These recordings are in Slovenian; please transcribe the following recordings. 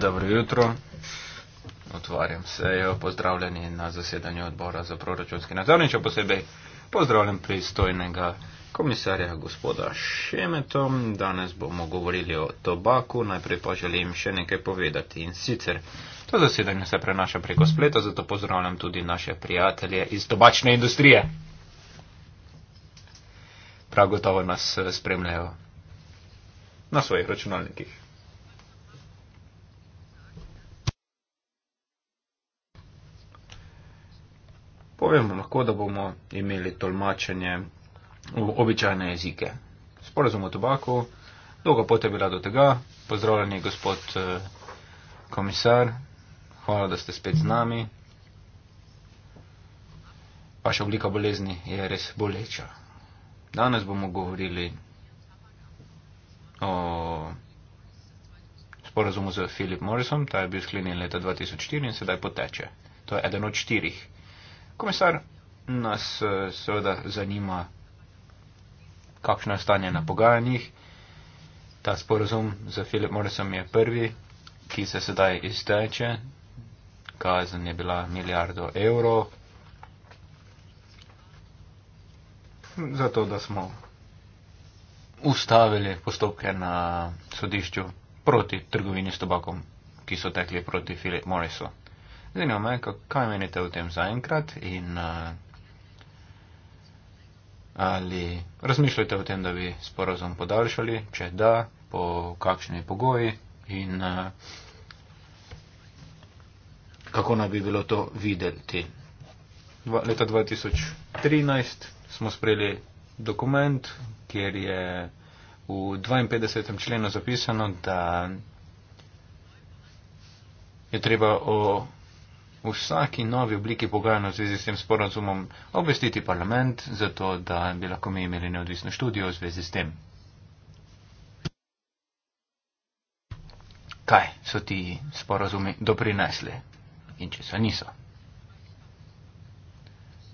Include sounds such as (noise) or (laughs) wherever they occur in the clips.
Dobro jutro. Otvarjam sejo. Pozdravljeni na zasedanju odbora za proračunski nadzor in še posebej pozdravljam pristojnega komisarja gospoda Šemeto. Danes bomo govorili o tobaku. Najprej pa želim še nekaj povedati in sicer. To zasedanje se prenaša preko spleta, zato pozdravljam tudi naše prijatelje iz tobačne industrije. Prav gotovo nas eh, spremljajo na svojih računalnikih. Povemo lahko, da bomo imeli tolmačenje v običajne jezike. Sporazum o tobaku, dolga pot je bila do tega. Pozdravljeni, gospod eh, komisar, hvala, da ste spet z nami. Vaša oblika bolezni je res boleča. Danes bomo govorili o sporazumu z Philip Morrisom, ta je bil sklenjen leta 2004 in sedaj poteče. To je eden od štirih. Komisar nas eh, seveda zanima, kakšno je stanje na pogajanjih. Ta sporazum z Philip Morrisom je prvi, ki se sedaj izteče. Kazen je bila milijardo evrov. Zato, da smo ustavili postopke na sodišču proti trgovini s tobakom, ki so tekli proti Philip Morrisu. Zanima me, kaj menite o tem zaenkrat in uh, ali razmišljate o tem, da bi sporozum podaljšali, če da, po kakšni pogoji in uh, kako naj bi bilo to videti. Dva, leta 2013 smo sprejeli dokument, kjer je v 52. členu zapisano, da je treba o vsaki novi obliki pogajanja v zvezi s tem sporazumom obvestiti parlament, zato da bi lahko mi imeli neodvisno študijo v zvezi s tem. Kaj so ti sporazumi doprinesli in če so niso?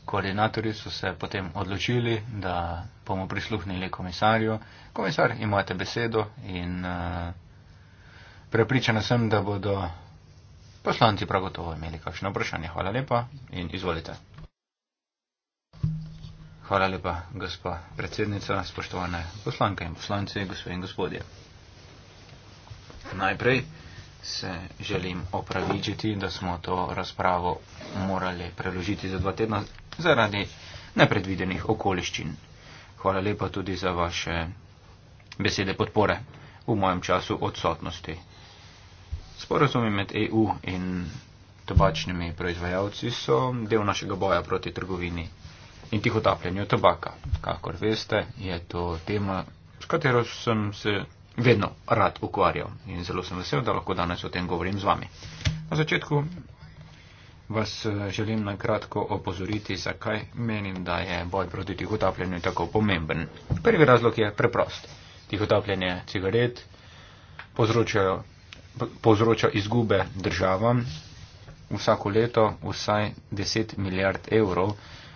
koordinatorji so se potem odločili, da bomo prisluhnili komisarju. Komisar, imate besedo in eh, prepričana sem, da bodo poslanci prav gotovo imeli kakšno vprašanje. Hvala lepa in izvolite. Hvala lepa, gospa predsednica, spoštovane poslanke in poslanci, gospod in gospodje. Najprej se želim opravičiti, da smo to razpravo morali preložiti za dva tedna zaradi nepredvidenih okoliščin. Hvala lepa tudi za vaše besede podpore v mojem času odsotnosti. Sporazumi med EU in tobačnimi proizvajalci so del našega boja proti trgovini in tihotapljanju tobaka. Kakor veste, je to tema, s katero sem se vedno rad ukvarjal in zelo sem vesel, da lahko danes o tem govorim z vami. Na začetku vas eh, želim na kratko opozoriti, zakaj menim, da je boj proti tihotapljenju tako pomemben. Prvi razlog je preprost. Tihotapljenje cigaret povzroča, povzroča izgube državam vsako leto vsaj 10 milijard evrov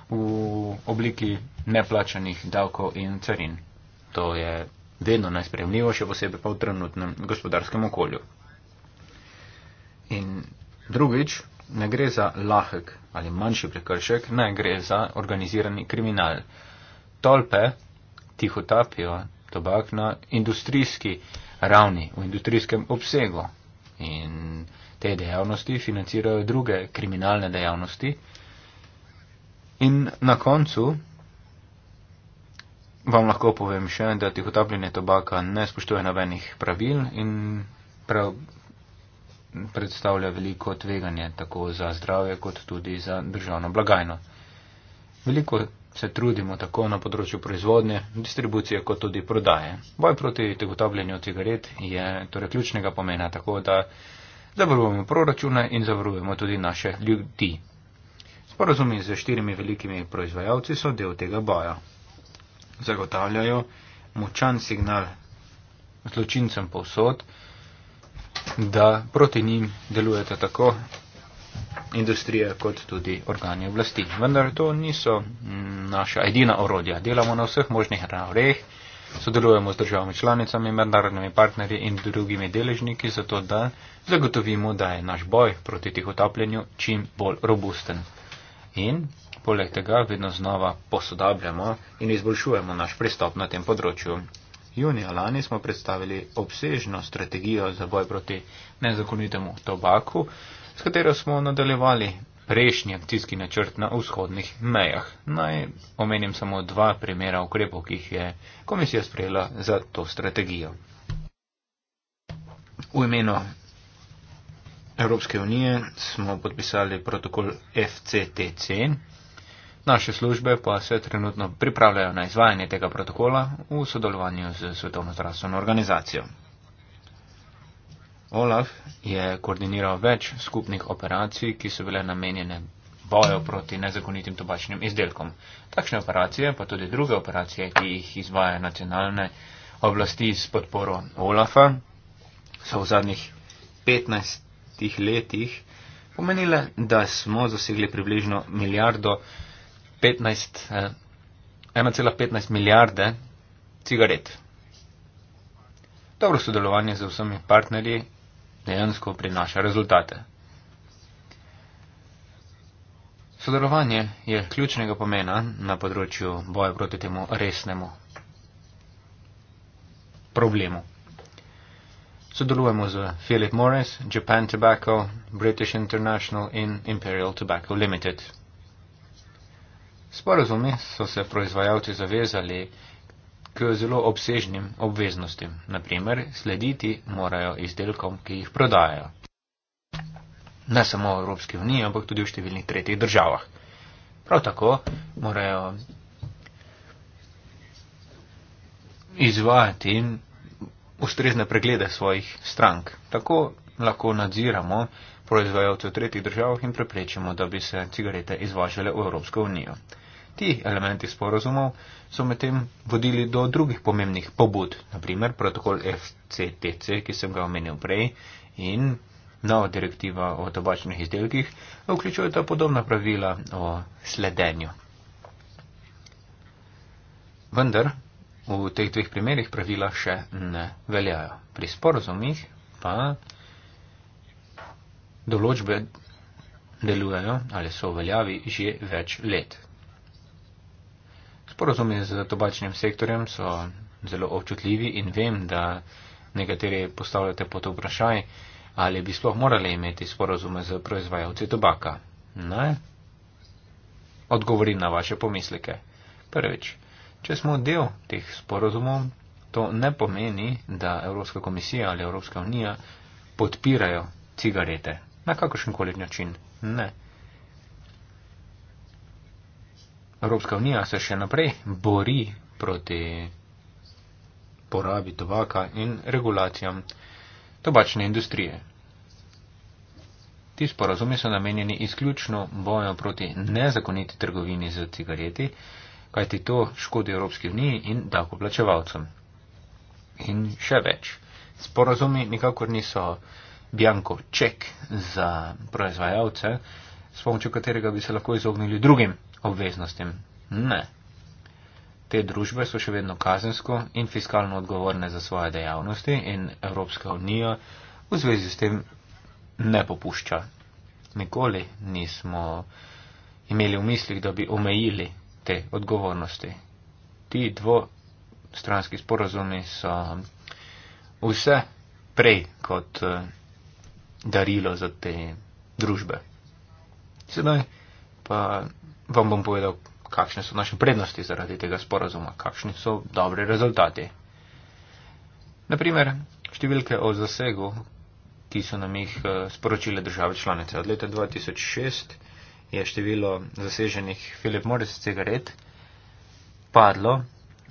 v obliki neplačanih davkov in carin. To je vedno nespremljivo, še posebej pa v trenutnem gospodarskem okolju. In drugič, ne gre za lahek ali manjši prekršek, ne gre za organizirani kriminal. Tolpe tiho tapijo tobak na industrijski ravni, v industrijskem obsegu. In te dejavnosti financirajo druge kriminalne dejavnosti. In na koncu vam lahko povem še, da tihotapljenje tobaka ne spoštuje nobenih pravil in prav predstavlja veliko tveganje tako za zdravje kot tudi za državno blagajno. Veliko se trudimo tako na področju proizvodnje, distribucije kot tudi prodaje. Boj proti tegotavljanju cigaret je torej ključnega pomena, tako da zavarujemo proračune in zavarujemo tudi naše ljudi. Sporazumi z štirimi velikimi proizvajalci so del tega boja zagotavljajo močan signal zločincem povsod, da proti njim delujete tako industrija kot tudi organi oblasti. Vendar to niso mm, naša edina orodja. Delamo na vseh možnih ravneh, sodelujemo z državami članicami, mednarodnimi partnerji in drugimi deležniki, zato da zagotovimo, da je naš boj proti tih otapljenju čim bolj robusten. In Poleg tega vedno znova posodabljamo in izboljšujemo naš pristop na tem področju. Junija lani smo predstavili obsežno strategijo za boj proti nezakonitemu tobaku, s katero smo nadaljevali prejšnji akcijski načrt na vzhodnih mejah. Naj omenim samo dva primera ukrepov, ki jih je komisija sprejela za to strategijo. V imenu Evropske unije smo podpisali protokol FCTC, Naše službe pa se trenutno pripravljajo na izvajanje tega protokola v sodelovanju z Svetovno zdravstveno organizacijo. Olaf je koordiniral več skupnih operacij, ki so bile namenjene bojo proti nezakonitim tobačnim izdelkom. Takšne operacije, pa tudi druge operacije, ki jih izvaja nacionalne oblasti s podporo Olafa, so v zadnjih 15 letih pomenile, da smo zasegli približno milijardo 15, eh, 1,15 milijarde cigaret. Dobro sodelovanje z vsemi partnerji dejansko prinaša rezultate. Sodelovanje je ključnega pomena na področju boja proti temu resnemu problemu. Sodelujemo z Philip Morris, Japan Tobacco, British International in Imperial Tobacco Limited sporozumi so se proizvajalci zavezali k zelo obsežnim obveznostim, naprimer slediti morajo izdelkom, ki jih prodajajo. Ne samo v Evropski uniji, ampak tudi v številnih tretjih državah. Prav tako morajo izvajati ustrezne preglede svojih strank. Tako lahko nadziramo proizvajalce v tretjih državah in preprečimo, da bi se cigarete izvažale v Evropsko unijo ti elementi sporozumov so medtem vodili do drugih pomembnih pobud, naprimer protokol FCTC, ki sem ga omenil prej, in nova direktiva o tobačnih izdelkih vključujeta podobna pravila o sledenju. Vendar v teh dveh primerih pravila še ne veljajo. Pri sporozumih pa določbe delujejo ali so v veljavi že več let sporozumi z tobačnim sektorjem so zelo občutljivi in vem, da nekateri postavljate pod vprašaj, ali bi sploh morali imeti sporozume z proizvajalci tobaka. Ne? Odgovorim na vaše pomislike. Prvič, če smo del teh sporozumov, to ne pomeni, da Evropska komisija ali Evropska unija podpirajo cigarete na kakršen koli način. Ne. Evropska unija se še naprej bori proti porabi tobaka in regulacijam tobačne industrije. Ti sporazumi so namenjeni izključno boju proti nezakoniti trgovini z cigareti, kajti to škodi Evropski uniji in davkoplačevalcem. In še več. Sporazumi nikakor niso bjanko ček za proizvajalce, s pomočjo katerega bi se lahko izognili drugim obveznostim. Ne. Te družbe so še vedno kazensko in fiskalno odgovorne za svoje dejavnosti in Evropska unija v zvezi s tem ne popušča. Nikoli nismo imeli v mislih, da bi omejili te odgovornosti. Ti dvostranski sporozumi so vse prej kot eh, darilo za te družbe. Sedaj pa vam bom povedal, kakšne so naše prednosti zaradi tega sporazuma, kakšni so dobri rezultati. Naprimer, številke o zasegu, ki so nam jih eh, sporočile države članice. Od leta 2006 je število zaseženih Philip Morris cigaret padlo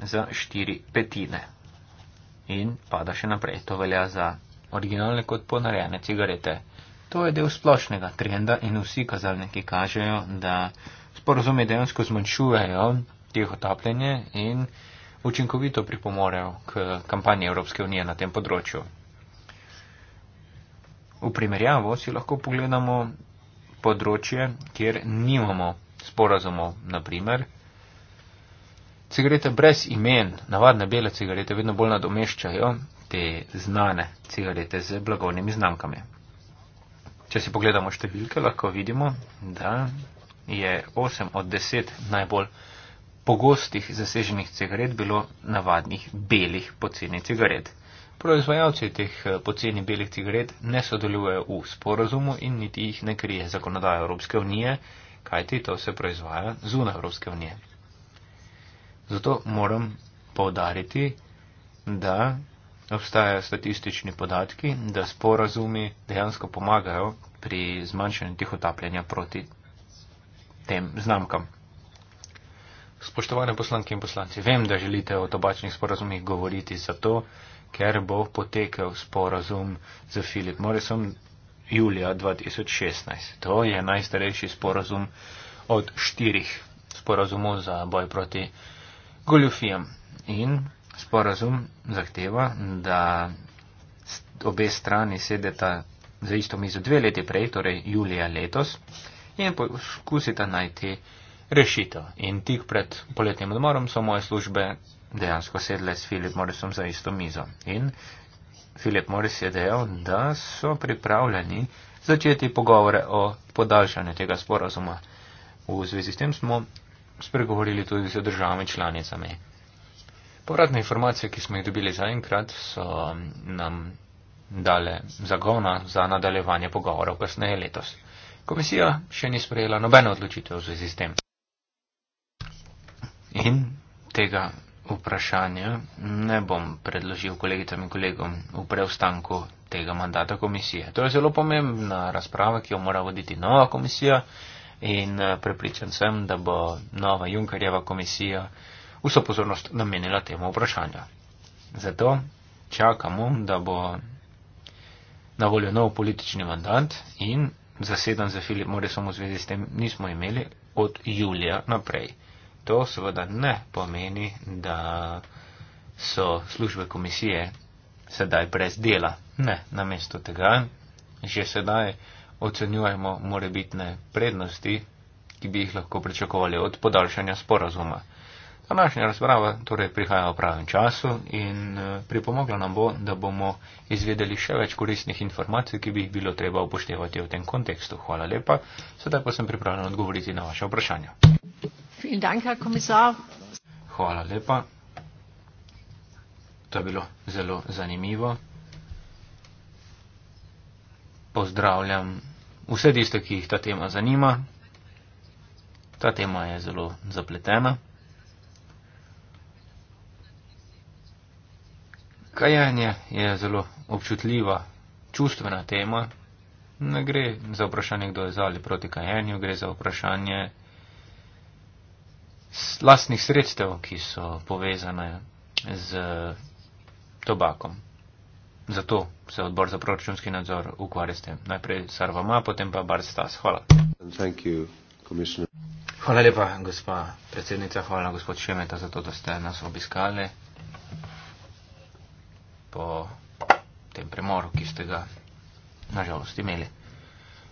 za 4 petine. In pada še naprej. To velja za originalne kot ponarejene cigarete. To je del splošnega trenda in vsi kazalniki kažejo, da sporozumi dejansko zmanjšujejo teh otapljanje in učinkovito pripomorejo k kampanji Evropske unije na tem področju. V primerjavo si lahko pogledamo področje, kjer nimamo sporazumov, naprimer. Cigarete brez imen, navadne bele cigarete, vedno bolj nadomeščajo te znane cigarete z blagovnimi znamkami. Če si pogledamo številke, lahko vidimo, da je 8 od 10 najbolj pogostih zaseženih cigaret bilo navadnih belih poceni cigaret. Proizvajalci teh eh, poceni belih cigaret ne sodelujejo v sporazumu in niti jih ne krije zakonodaja Evropske unije, kajti to se proizvaja zunaj Evropske unije. Zato moram povdariti, da obstajajo statistični podatki, da sporazumi dejansko pomagajo pri zmanjšanju tih otapljanja proti tem znamkam. Spoštovane poslanke in poslanci, vem, da želite o tobačnih sporazumih govoriti zato, ker bo potekel sporazum z Filip Morrisom julija 2016. To je najstarejši sporazum od štirih sporazumov za boj proti goljufijam. In sporazum zahteva, da obe strani sedeta za isto mizo dve leti prej, torej julija letos in poskusita najti rešitev. In tik pred poletnim odmorom so moje službe dejansko sedle s Filip Morrisom za isto mizo. In Filip Morris je dejal, da so pripravljeni začeti pogovore o podaljšanju tega sporazuma. V zvezi s tem smo spregovorili tudi z državami članicami. Povratne informacije, ki smo jih dobili zaenkrat, so nam dale zagona za nadaljevanje pogovorov kasneje letos. Komisija še ni sprejela nobeno odločitev v zvezi s tem. In tega vprašanja ne bom predložil kolegicam in kolegom v preostanku tega mandata komisije. To je zelo pomembna razprava, ki jo mora voditi nova komisija in eh, prepričan sem, da bo nova Junkarjeva komisija vso pozornost namenila temu vprašanju. Zato čakamo, da bo na voljo nov politični mandat in zaseden za Filip Morrisom v zvezi s tem nismo imeli od julija naprej. To seveda ne pomeni, da so službe komisije sedaj brez dela. Ne, namesto tega že sedaj ocenjujemo morebitne prednosti, ki bi jih lahko pričakovali od podaljšanja sporazuma. Današnja razprava torej prihaja v pravem času in eh, pripomogla nam bo, da bomo izvedeli še več koristnih informacij, ki bi jih bilo treba upoštevati v tem kontekstu. Hvala lepa. Sedaj pa sem pripravljen odgovoriti na vaše vprašanje. Hvala lepa. To je bilo zelo zanimivo. Pozdravljam vse tiste, ki jih ta tema zanima. Ta tema je zelo zapletena. Kajanje je zelo občutljiva, čustvena tema. Ne gre za vprašanje, kdo je za ali proti kajanju, gre za vprašanje lastnih sredstev, ki so povezane z tobakom. Zato se odbor za proračunski nadzor ukvarja s tem. Najprej Sarvama, potem pa Bart Stas. Hvala. Hvala lepa, gospa predsednica, hvala gospod Šemeta za to, da ste nas obiskali po tem premoru, ki ste ga nažalost imeli.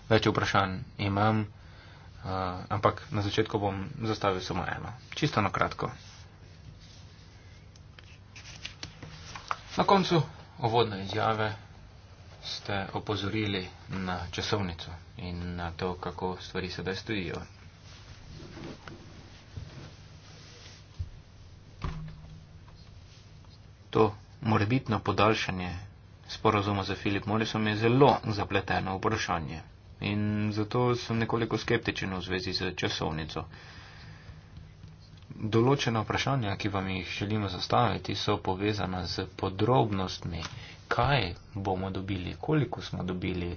Več vprašanj imam, uh, ampak na začetku bom zastavil samo eno, čisto na kratko. Na koncu ovodne izjave ste opozorili na časovnico in na to, kako stvari sedaj stojijo. To morebitno podaljšanje sporozuma za Filip Morrisom je zelo zapleteno vprašanje in zato sem nekoliko skeptičen v zvezi z časovnico. Določena vprašanja, ki vam jih želimo zastaviti, so povezana z podrobnostmi, kaj bomo dobili, koliko smo dobili,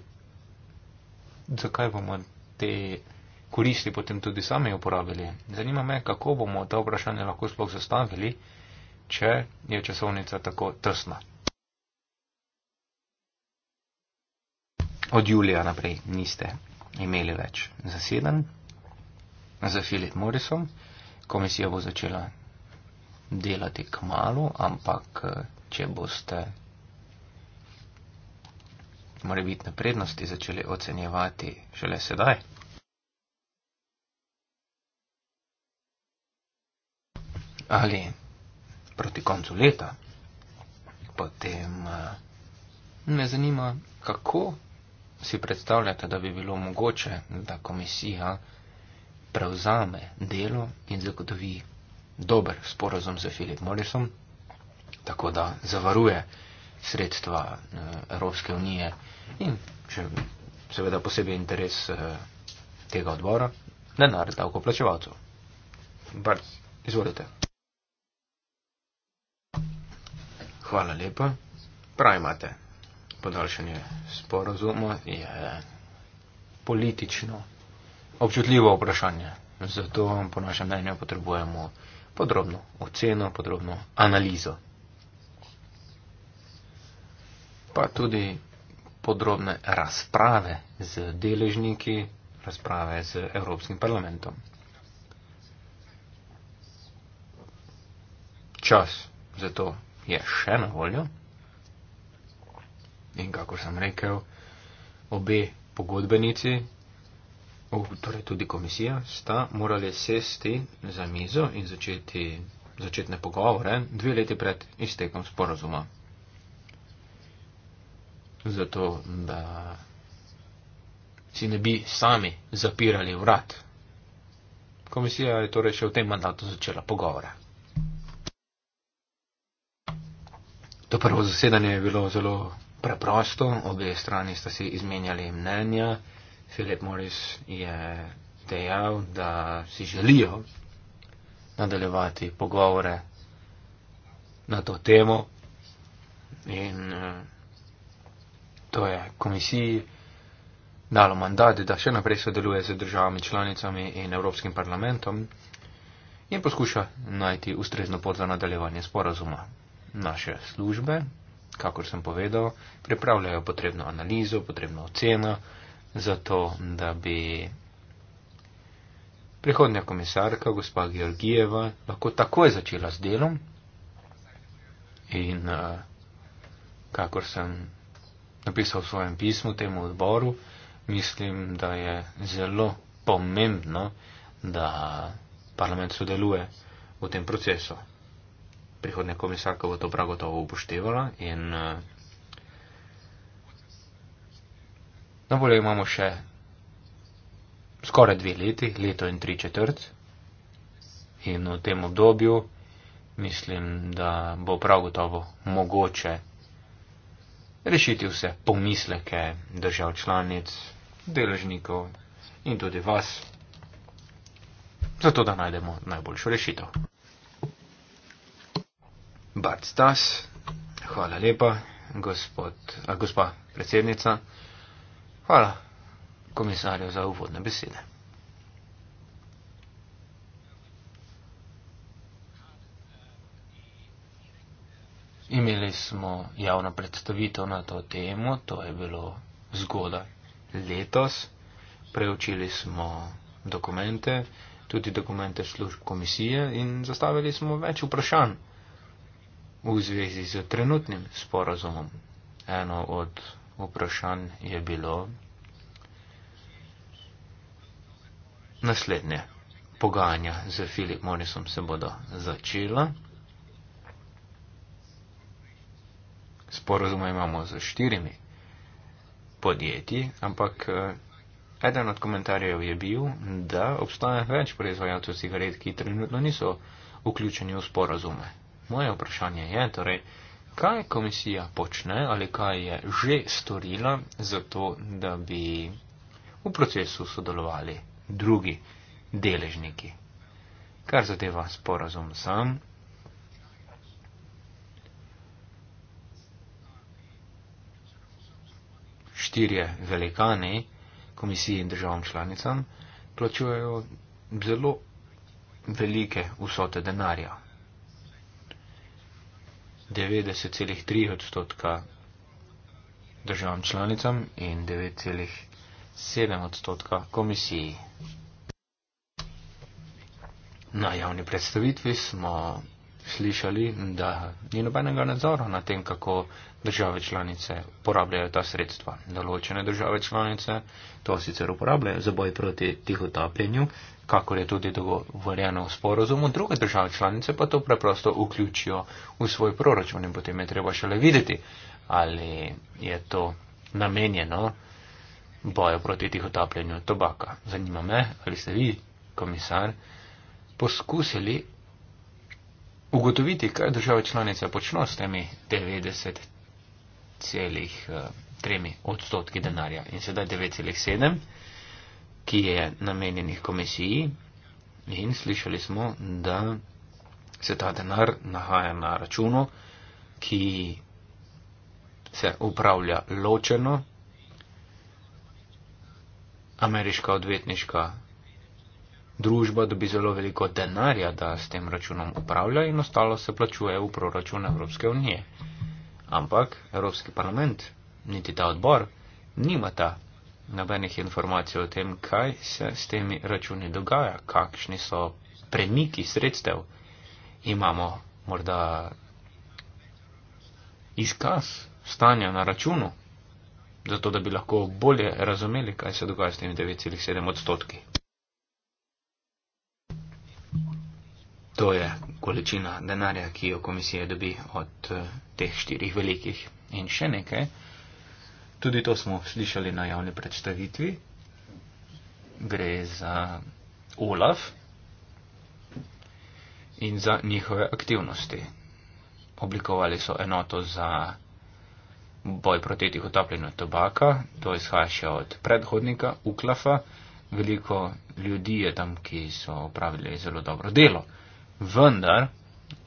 zakaj bomo te koristi potem tudi sami uporabili. Zanima me, kako bomo ta vprašanja lahko sploh zastavili če je časovnica tako tesna. Od julija naprej niste imeli več zaseden za Filip Morrison. Komisija bo začela delati k malu, ampak če boste morebitne prednosti začeli ocenjevati šele sedaj. Ali proti koncu leta. Potem eh, me zanima, kako si predstavljate, da bi bilo mogoče, da komisija prevzame delo in zagotovi dober sporozum z Filip Morrisom, tako da zavaruje sredstva eh, Evropske unije in še seveda posebej interes eh, tega odbora, denar davkoplačevalcev. Bar, izvolite. Hvala lepa. Prav imate. Podaljšanje sporozuma je politično občutljivo vprašanje. Zato, po našem mnenju, potrebujemo podrobno oceno, podrobno analizo. Pa tudi podrobne razprave z deležniki, razprave z Evropskim parlamentom. Čas za to je še na voljo. In kako sem rekel, obe pogodbenici, oh, torej tudi komisija, sta morali sesti za mizo in začeti začetne pogovore dve leti pred iztekom sporazuma. Zato, da si ne bi sami zapirali vrat. Komisija je torej še v tem mandatu začela pogovore. To prvo zasedanje je bilo zelo preprosto, obe strani sta si izmenjali mnenja. Filip Morris je dejal, da si želijo nadaljevati pogovore na to temo in eh, to je komisiji dalo mandat, da še naprej sodeluje z državami članicami in Evropskim parlamentom in poskuša najti ustrezno pot za nadaljevanje sporazuma naše službe, kakor sem povedal, pripravljajo potrebno analizo, potrebno oceno, zato da bi prihodnja komisarka, gospa Georgijeva, lahko takoj začela s delom. In eh, kakor sem napisal v svojem pismu temu odboru, mislim, da je zelo pomembno, da parlament sodeluje v tem procesu prihodnja komisarka bo to prav gotovo upoštevala. In, eh, na voljo imamo še skoraj dve leti, leto in tri četrt. In v tem obdobju mislim, da bo prav gotovo mogoče rešiti vse pomisleke držav članic, deležnikov in tudi vas, zato da najdemo najboljšo rešitev. Bat Stas, hvala lepa, gospod, a, gospa predsednica. Hvala komisarju za uvodne besede. Imeli smo javno predstavitev na to temo, to je bilo zgodaj letos. Preučili smo dokumente, tudi dokumente služb komisije in zastavili smo več vprašanj v zvezi z trenutnim sporozumom. Eno od vprašanj je bilo naslednje. Pogajanja z Filip Morisom se bodo začela. Sporozum imamo z štirimi podjetji, ampak eh, eden od komentarjev je bil, da obstaja več proizvajalcev cigaret, ki trenutno niso vključeni v sporozume. Moje vprašanje je torej, kaj komisija počne ali kaj je že storila za to, da bi v procesu sodelovali drugi deležniki. Kar zadeva sporazum sam. Štirje velikani komisiji in državam članicam plačujejo zelo velike vsote denarja. 90,3 odstotka državam članicam in 9,7 odstotka komisiji. Na javni predstavitvi smo slišali, da ni nobenega nadzora na tem, kako države članice uporabljajo ta sredstva. Določene države članice to sicer uporabljajo za boj proti tihotapljenju, kakor je tudi dogovorjeno v sporozumu, druge države članice pa to preprosto vključijo v svoj proračun in potem je treba šele videti, ali je to namenjeno boju proti tihotapljenju tobaka. Zanima me, ali ste vi, komisar, poskusili ugotoviti, kaj države članice počno s temi 90 9,3 eh, odstotki denarja in sedaj 9,7, ki je namenjenih komisiji in slišali smo, da se ta denar nahaja na računu, ki se upravlja ločeno, ameriška odvetniška družba dobi zelo veliko denarja, da s tem računom upravlja in ostalo se plačuje v proračun Evropske unije ampak Evropski parlament, niti ta odbor, nimata nobenih informacij o tem, kaj se s temi računi dogaja, kakšni so premiki sredstev. Imamo morda izkaz stanja na računu, zato da bi lahko bolje razumeli, kaj se dogaja s temi 9,7 odstotki. To je količina denarja, ki jo komisija dobi od eh, teh štirih velikih. In še nekaj, tudi to smo slišali na javni predstavitvi, gre za OLAF in za njihove aktivnosti. Oblikovali so enoto za boj proti tihotapljenju tobaka, to izhaja še od predhodnika UKLAFA. Veliko ljudi je tam, ki so opravili zelo dobro delo. Vendar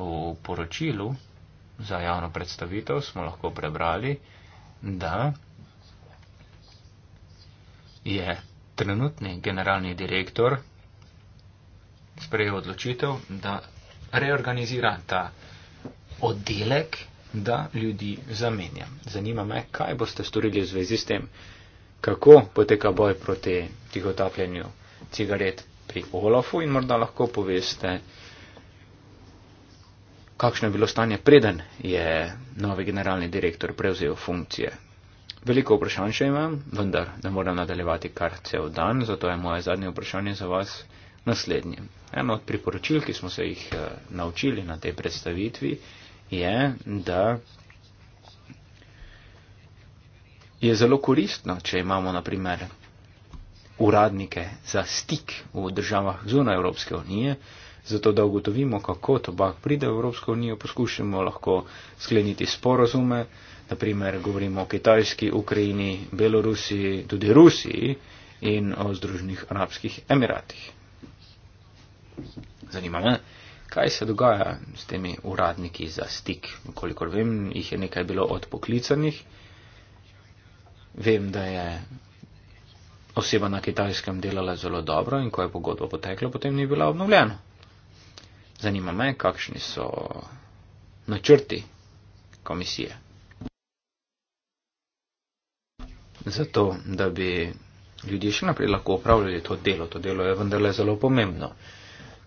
v poročilu za javno predstavitev smo lahko prebrali, da je trenutni generalni direktor sprejel odločitev, da reorganizira ta oddelek, da ljudi zamenja. Zanima me, kaj boste storili v zvezi s tem, kako poteka boj proti tihotapljenju cigaret pri Olafu in morda lahko poveste, kakšno je bilo stanje preden je novi generalni direktor prevzel funkcije. Veliko vprašanj še imam, vendar ne moram nadaljevati kar cel dan, zato je moje zadnje vprašanje za vas naslednje. Eno od priporočil, ki smo se jih eh, naučili na tej predstavitvi, je, da je zelo koristno, če imamo naprimer uradnike za stik v državah zunaj Evropske unije, Zato, da ugotovimo, kako tobak pride v Evropsko unijo, poskušamo lahko skleniti sporozume, naprimer govorimo o Kitajski, Ukrajini, Belorusiji, tudi Rusiji in o Združenih arabskih emiratih. Zanima me, kaj se dogaja s temi uradniki za stik. Kolikor vem, jih je nekaj bilo odpoklicanih. Vem, da je oseba na kitajskem delala zelo dobro in ko je pogodba potekla, potem ni bila obnovljena. Zanima me, kakšni so načrti komisije. Zato, da bi ljudje še naprej lahko upravljali to delo. To delo je vendarle zelo pomembno.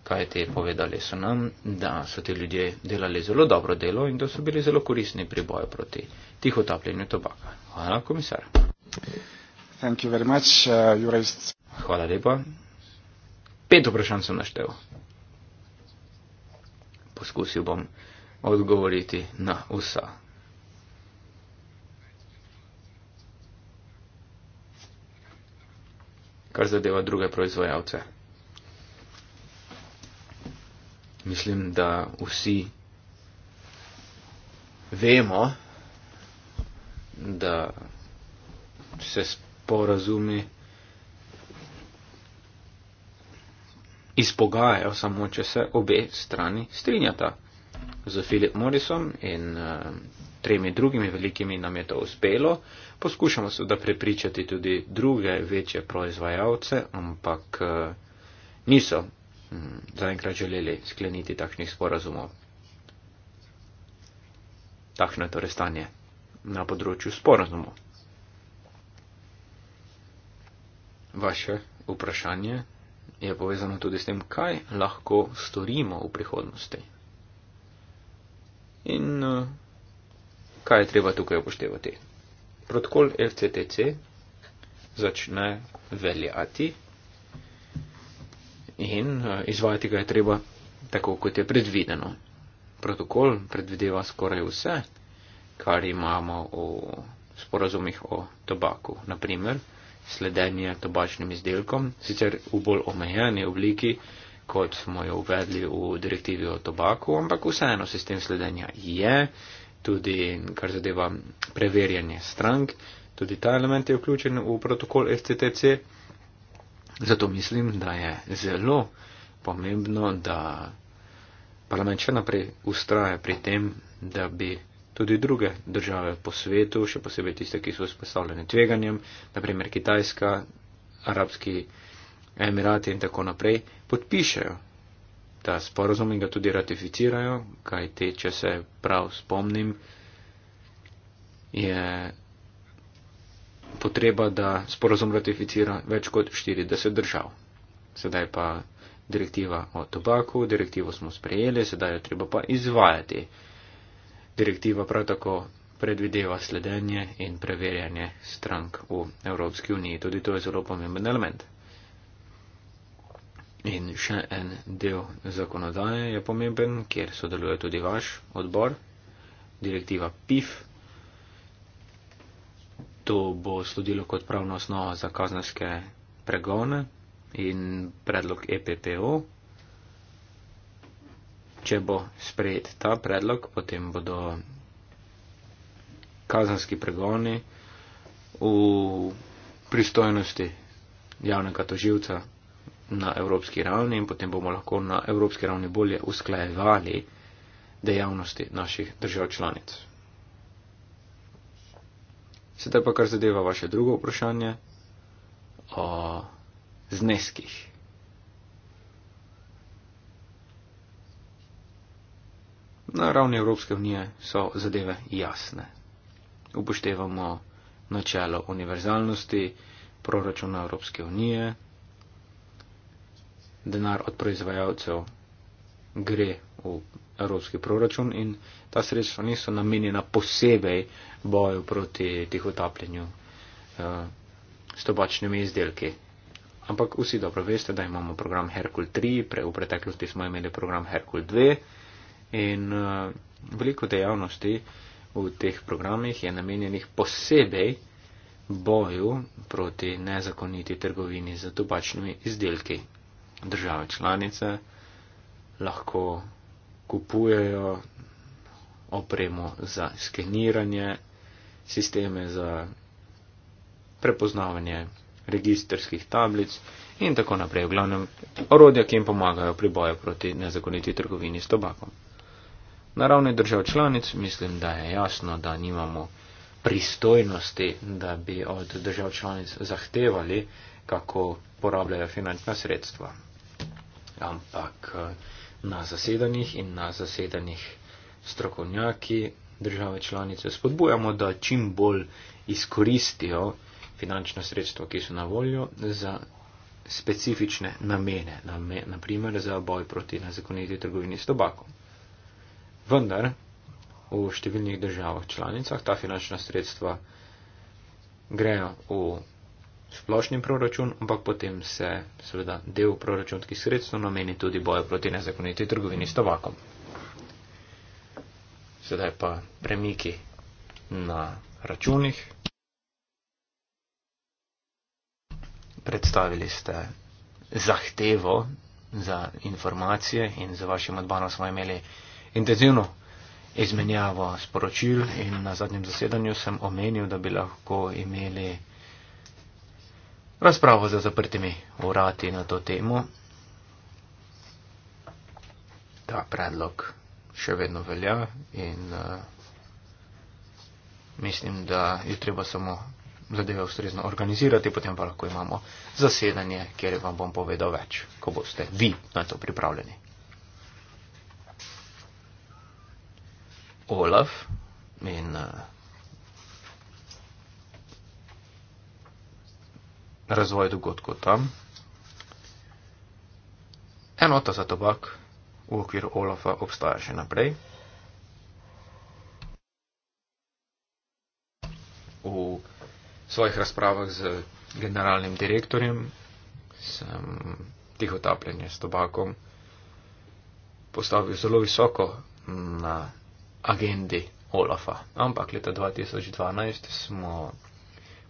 Kaj te povedali so nam, da so ti ljudje delali zelo dobro delo in da so bili zelo korisni pri boju proti tiho tapljenju tobaka. Hvala, komisar. Much, uh, Hvala lepa. Pet vprašanj sem naštel poskusil bom odgovoriti na vsa. Kar zadeva druge proizvajalce. Mislim, da vsi vemo, da se sporazumi izpogajajo samo, če se obe strani strinjata. Z Philip Morrisom in uh, tremi drugimi velikimi nam je to uspelo. Poskušamo seveda prepričati tudi druge večje proizvajalce, ampak uh, niso um, zaenkrat želeli skleniti takšnih sporazumov. Takšno je torej stanje na področju sporazumov. Vaše vprašanje? je povezano tudi s tem, kaj lahko storimo v prihodnosti. In eh, kaj je treba tukaj upoštevati? Protokol FCTC začne veljati in eh, izvajati ga je treba tako, kot je predvideno. Protokol predvideva skoraj vse, kar imamo v sporazumih o tobaku. Naprimer, sledenje tobačnim izdelkom, sicer v bolj omejeni obliki, kot smo jo uvedli v direktivi o tobaku, ampak vseeno sistem sledenja je, tudi kar zadeva preverjanje strank, tudi ta element je vključen v protokol FCTC. Zato mislim, da je zelo pomembno, da parlament še naprej ustraja pri tem, da bi tudi druge države po svetu, še posebej tiste, ki so izpostavljene tveganjem, naprimer Kitajska, Arabski Emirati in tako naprej, podpišajo ta sporozum in ga tudi ratificirajo, kajti, če se prav spomnim, je potreba, da sporozum ratificira več kot 40 držav. Sedaj pa direktiva o tobaku, direktivo smo sprejeli, sedaj jo treba pa izvajati. Direktiva prav tako predvideva sledenje in preverjanje strank v Evropski uniji. Tudi to je zelo pomemben element. In še en del zakonodaje je pomemben, kjer sodeluje tudi vaš odbor, direktiva PIF. To bo sledilo kot pravna osnova za kazenske pregone in predlog EPPO, če bo sprejet ta predlog, potem bodo kazanski pregoni v pristojnosti javnega toživca na evropski ravni in potem bomo lahko na evropski ravni bolje usklajevali dejavnosti naših držav članic. Sedaj pa kar zadeva vaše drugo vprašanje o zneskih. Na ravni Evropske unije so zadeve jasne. Upoštevamo načelo univerzalnosti proračuna Evropske unije. Denar od proizvajalcev gre v evropski proračun in ta sredstva niso namenjena posebej boju proti tih utapljanju eh, s tobačnimi izdelki. Ampak vsi dobro veste, da imamo program Herkul 3, pre, v preteklosti smo imeli program Herkul 2. In uh, veliko dejavnosti v teh programih je namenjenih posebej boju proti nezakoniti trgovini z tobačnimi izdelki. Države članice lahko kupujejo opremo za skeniranje, sisteme za prepoznavanje registerskih tablic in tako naprej. V glavnem orodja, ki jim pomagajo pri boju proti nezakoniti trgovini s tobakom. Na ravni držav članic mislim, da je jasno, da nimamo pristojnosti, da bi od držav članic zahtevali, kako porabljajo finančna sredstva. Ampak eh, na zasedanjih in na zasedanjih strokovnjaki države članice spodbujamo, da čim bolj izkoristijo finančna sredstva, ki so na voljo za specifične namene, naprimer za boj proti nezakoniti trgovini s tobakom vendar v številnih državah članicah ta finančna sredstva grejo v splošni proračun, ampak potem se seveda del proračunskih sredstev nameni tudi boju proti nezakoniti trgovini s tobakom. Sedaj pa premiki na računih. Predstavili ste zahtevo za informacije in za vašim odbanom smo imeli intenzivno izmenjavo sporočil in na zadnjem zasedanju sem omenil, da bi lahko imeli razpravo za zaprtimi urati na to temo. Ta predlog še vedno velja in uh, mislim, da je treba samo zadeve ustrezno organizirati, potem pa lahko imamo zasedanje, kjer vam bom povedal več, ko boste vi na to pripravljeni. Olaf in uh, razvoj dogodkov tam. Enota za tobak v okviru Olafa obstaja še naprej. V svojih razpravah z generalnim direktorjem sem tiho tapljanje s tobakom postavil zelo visoko na agendi Olafa. Ampak leta 2012 smo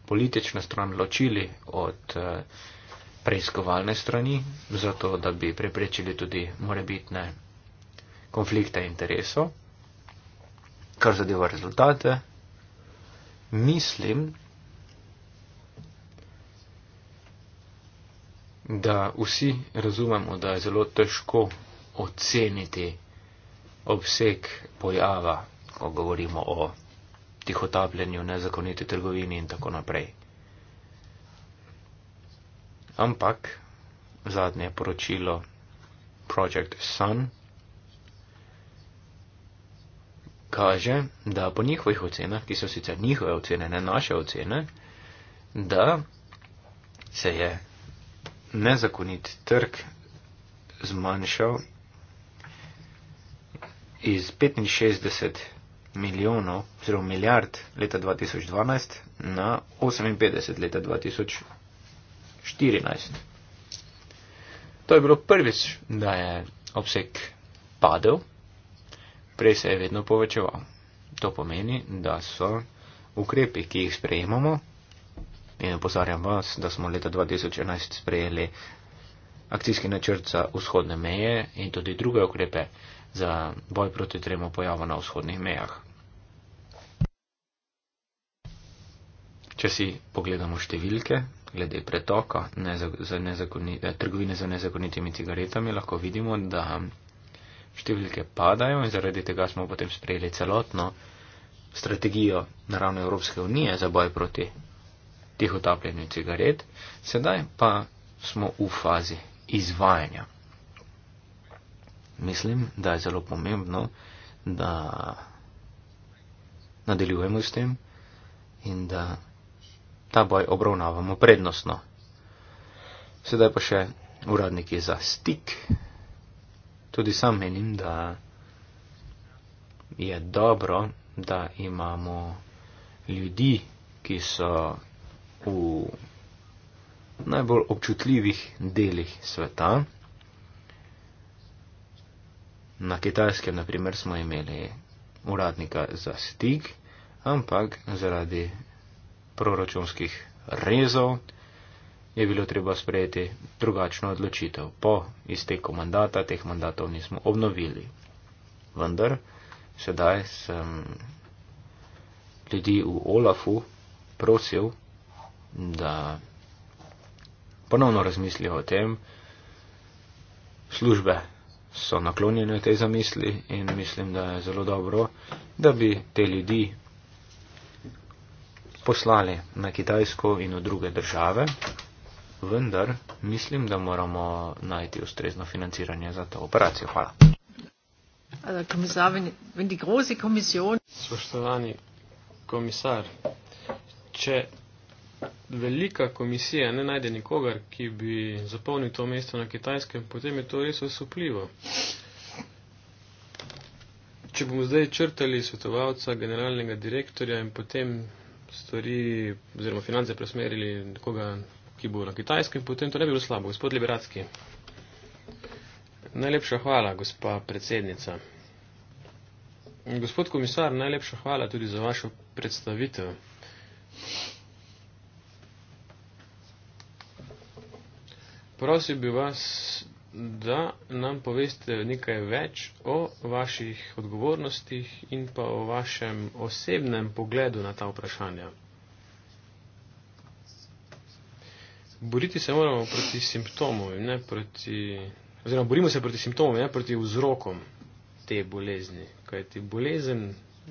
politično stran ločili od eh, preiskovalne strani, zato da bi preprečili tudi morebitne konflikte interesov, kar zadeva rezultate. Mislim, da vsi razumemo, da je zelo težko oceniti obseg pojava, ko govorimo o tihotapljenju, nezakoniti trgovini in tako naprej. Ampak zadnje poročilo Project Sun kaže, da po njihovih ocenah, ki so sicer njihove ocene, ne naše ocene, da se je nezakonit trg zmanjšal iz 65 milijonov oziroma milijard leta 2012 na 58 leta 2014. To je bilo prvič, da je obseg padel, prej se je vedno povečeval. To pomeni, da so ukrepi, ki jih sprejemamo, in opozarjam vas, da smo leta 2011 sprejeli akcijski načrt za vzhodne meje in tudi druge ukrepe, za boj proti tremu pojavu na vzhodnih mejah. Če si pogledamo številke glede pretoka za eh, trgovine za nezakonitimi cigaretami, lahko vidimo, da številke padajo in zaradi tega smo potem sprejeli celotno strategijo na ravni Evropske unije za boj proti tih otapljenju cigaret. Sedaj pa smo v fazi izvajanja mislim, da je zelo pomembno, da nadaljujemo s tem in da ta boj obravnavamo prednostno. Sedaj pa še uradniki za stik. Tudi sam menim, da je dobro, da imamo ljudi, ki so v najbolj občutljivih delih sveta. Na kitajskem, na primer, smo imeli uradnika za stik, ampak zaradi proračunskih rezov je bilo treba sprejeti drugačno odločitev. Po izteku mandata teh mandatov nismo obnovili. Vendar, sedaj sem ljudi v Olafu prosil, da ponovno razmislijo o tem službe so naklonjene tej zamisli in mislim, da je zelo dobro, da bi te ljudi poslali na Kitajsko in v druge države, vendar mislim, da moramo najti ustrezno financiranje za to operacijo. Hvala. Spoštovani komisar, če velika komisija ne najde nikogar, ki bi zapolnil to mesto na kitajskem, potem je to res osupljivo. Če bomo zdaj črtali svetovalca, generalnega direktorja in potem stvari oziroma finance presmerili nekoga, ki bo na kitajskem, potem to ne bi bilo slabo. Gospod Liberacki. Najlepša hvala, gospa predsednica. Gospod komisar, najlepša hvala tudi za vašo predstavitev. Prosil bi vas, da nam poveste nekaj več o vaših odgovornostih in pa o vašem osebnem pogledu na ta vprašanja. Boriti se moramo proti simptomom, ne proti, oziroma borimo se proti simptomom, ne proti vzrokom te bolezni, kajti bolezen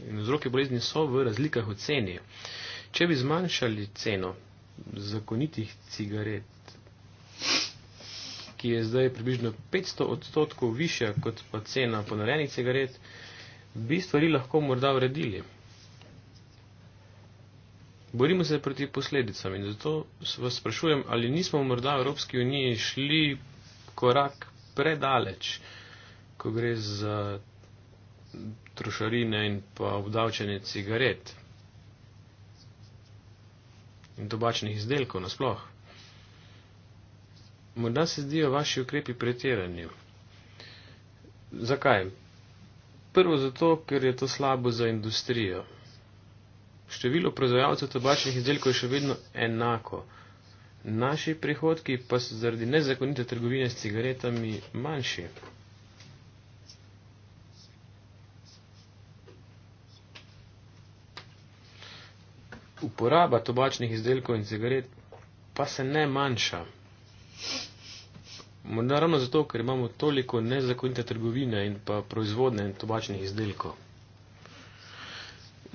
in vzroki bolezni so v razlikah v ceni. Če bi zmanjšali ceno zakonitih cigaret, ki je zdaj približno 500 odstotkov više kot pa cena ponarejenih cigaret, bi stvari lahko morda uredili. Borimo se proti posledicam in zato vas sprašujem, ali nismo morda v Evropski uniji šli korak predaleč, ko gre za trošarine in pa obdavčanje cigaret in tobačnih izdelkov nasplošno. Morda se zdijo vaši ukrepi pretirani. Zakaj? Prvo zato, ker je to slabo za industrijo. Število proizvajalcev tobačnih izdelkov je še vedno enako. Naši prihodki pa so zaradi nezakonite trgovine s cigaretami manjši. Uporaba tobačnih izdelkov in cigaret pa se ne manjša. Naravno zato, ker imamo toliko nezakonite trgovine in pa proizvodne in tobačnih izdelkov.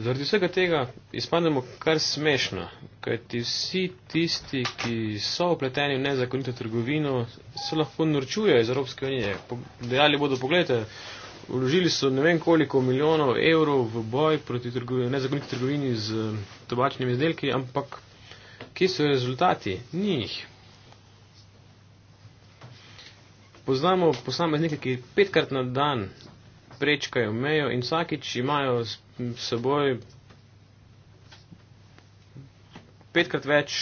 Zaradi vsega tega izpademo kar smešno, kajti vsi tisti, ki so upleteni v nezakonito trgovino, se lahko norčujejo iz Evropske unije. Dejali bodo, pogledajte, vložili so ne vem koliko milijonov evrov v boj proti trgovini, nezakoniti trgovini z eh, tobačnimi izdelki, ampak kje so rezultati? Ni jih. poznamo posameznike, ki petkrat na dan prečkajo mejo in vsakič imajo s seboj petkrat več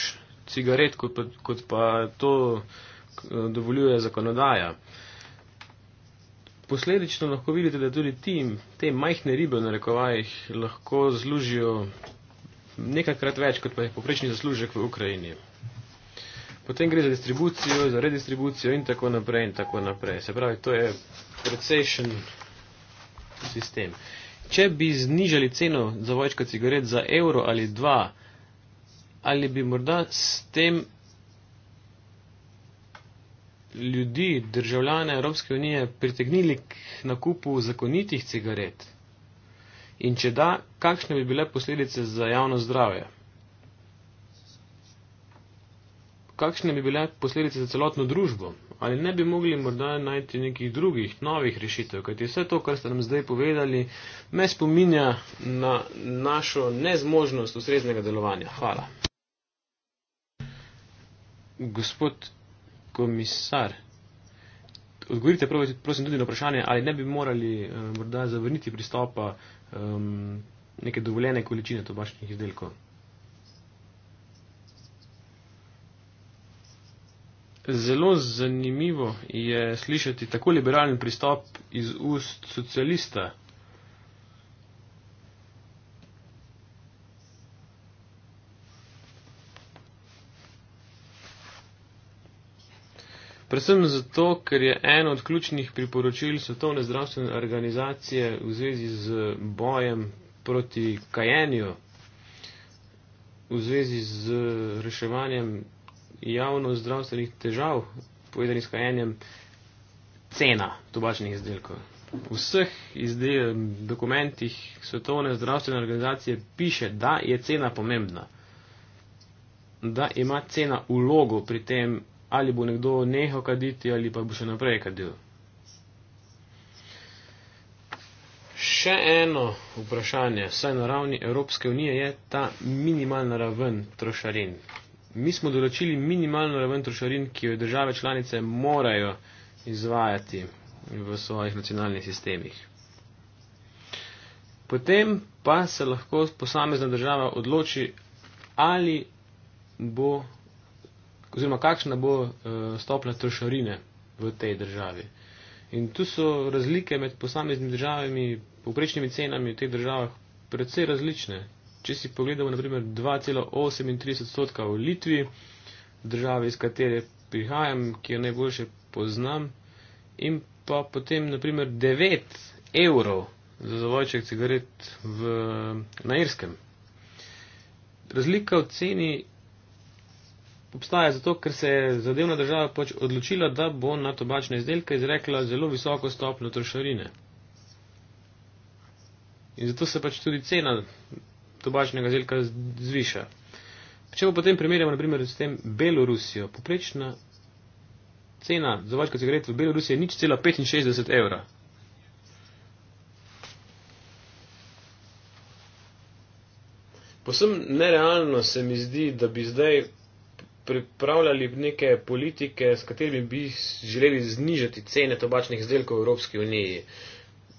cigaret, kot pa, kot pa to eh, dovoljuje zakonodaja. Posledično lahko vidite, da tudi ti, te majhne ribe na rekovajih lahko zlužijo nekajkrat več, kot pa je poprečni zaslužek v Ukrajini. Potem gre za distribucijo, za redistribucijo in tako naprej in tako naprej. Se pravi, to je precejšen sistem. Če bi znižali ceno za vojčka cigaret za evro ali dva, ali bi morda s tem ljudi, državljane Evropske unije pritegnili k nakupu zakonitih cigaret? In če da, kakšne bi bile posledice za javno zdravje? kakšne bi bile posledice za celotno družbo? Ali ne bi mogli morda najti nekih drugih, novih rešitev? Kajti vse to, kar ste nam zdaj povedali, me spominja na našo nezmožnost ustreznega delovanja. Hvala. Gospod komisar, odgovorite prav, prosim tudi na vprašanje, ali ne bi morali eh, morda zavrniti pristopa eh, neke dovoljene količine tobačnih izdelkov. Zelo zanimivo je slišati tako liberalen pristop iz ust socialista. Predvsem zato, ker je eno od ključnih priporočil Svetovne zdravstvene organizacije v zvezi z bojem proti kajenju, v zvezi z reševanjem javno zdravstvenih težav, povedanih s kajenjem, cena tobačnih izdelkov. V vseh izdel, dokumentih Svetovne zdravstvene organizacije piše, da je cena pomembna, da ima cena ulogo pri tem, ali bo nekdo nehal kaditi ali pa bo še naprej kadil. Še eno vprašanje, vsaj na ravni Evropske unije, je ta minimalna raven trošarin mi smo določili minimalno raven trošarin, ki jo države članice morajo izvajati v svojih nacionalnih sistemih. Potem pa se lahko posamezna država odloči, ali bo, oziroma kakšna bo eh, stopna trošarine v tej državi. In tu so razlike med posameznimi državami, povprečnimi cenami v teh državah, predvsej različne če si pogledamo, naprimer, 2,38 odstotka v Litvi, države, iz katere prihajam, ki jo najboljše poznam, in pa potem, naprimer, 9 evrov za zavojček cigaret v, na Irskem. Razlika v ceni obstaja zato, ker se je zadevna država pač odločila, da bo na tobačne izdelke izrekla zelo visoko stopno trošarine. In zato se pač tudi cena tobačnega zelka zviša. Če pa potem primerjamo naprimer s tem Belorusijo, poprečna cena za vaško cigaret v Belorusiji je nič cela 65 evra. Posem nerealno se mi zdi, da bi zdaj pripravljali neke politike, s katerimi bi želeli znižati cene tobačnih izdelkov v Evropski uniji. Uh,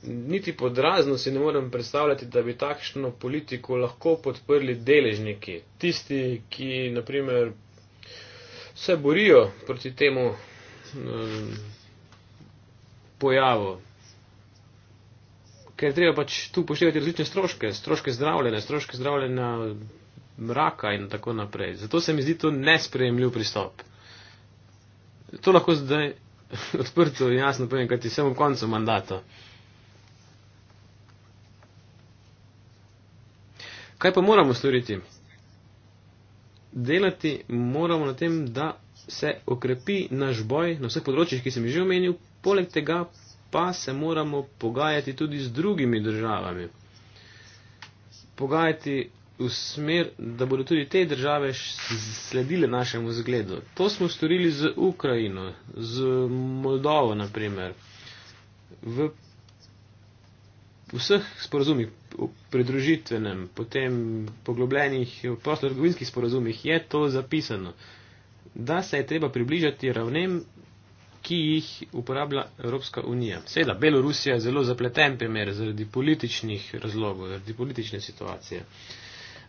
niti podrazno si ne morem predstavljati, da bi takšno politiko lahko podprli deležniki, tisti, ki naprimer se borijo proti temu um, pojavu. Ker treba pač tu poštevati različne stroške, stroške zdravljenja, stroške zdravljenja mraka in tako naprej. Zato se mi zdi to nesprejemljiv pristop. To lahko zdaj (laughs) odprto in jasno povem, kaj ti sem v koncu mandata. Kaj pa moramo storiti? Delati moramo na tem, da se okrepi naš boj na vseh področjih, ki sem že omenil, poleg tega pa se moramo pogajati tudi z drugimi državami. Pogajati v smer, da bodo tudi te države sledile našemu zgledu. To smo storili z Ukrajino, z Moldovo naprimer. V vseh sporazumih, v pridružitvenem, potem poglobljenih prostorovinskih sporazumih je to zapisano, da se je treba približati ravnem, ki jih uporablja Evropska unija. Seveda, Belorusija je zelo zapleten primer zaradi političnih razlogov, zaradi politične situacije.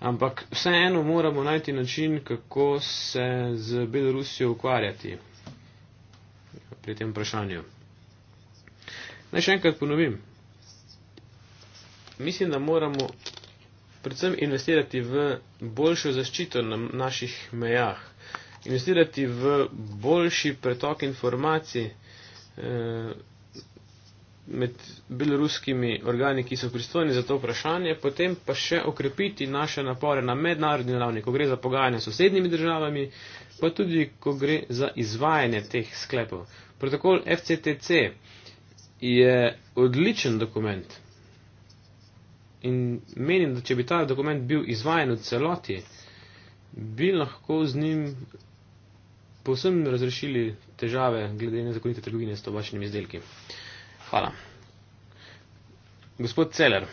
Ampak vseeno moramo najti način, kako se z Belorusijo ukvarjati pri tem vprašanju. Naj še enkrat ponovim, mislim, da moramo predvsem investirati v boljšo zaščito na naših mejah, investirati v boljši pretok informacij eh, med beloruskimi organi, ki so pristojni za to vprašanje, potem pa še okrepiti naše napore na mednarodni ravni, ko gre za pogajanje s sosednjimi državami, pa tudi, ko gre za izvajanje teh sklepov. Protokol FCTC je odličen dokument, In menim, da če bi ta dokument bil izvajen v celoti, bi lahko z njim povsem razrešili težave glede nezakonite trgovine s tobačnimi izdelki. Hvala. Gospod Celer,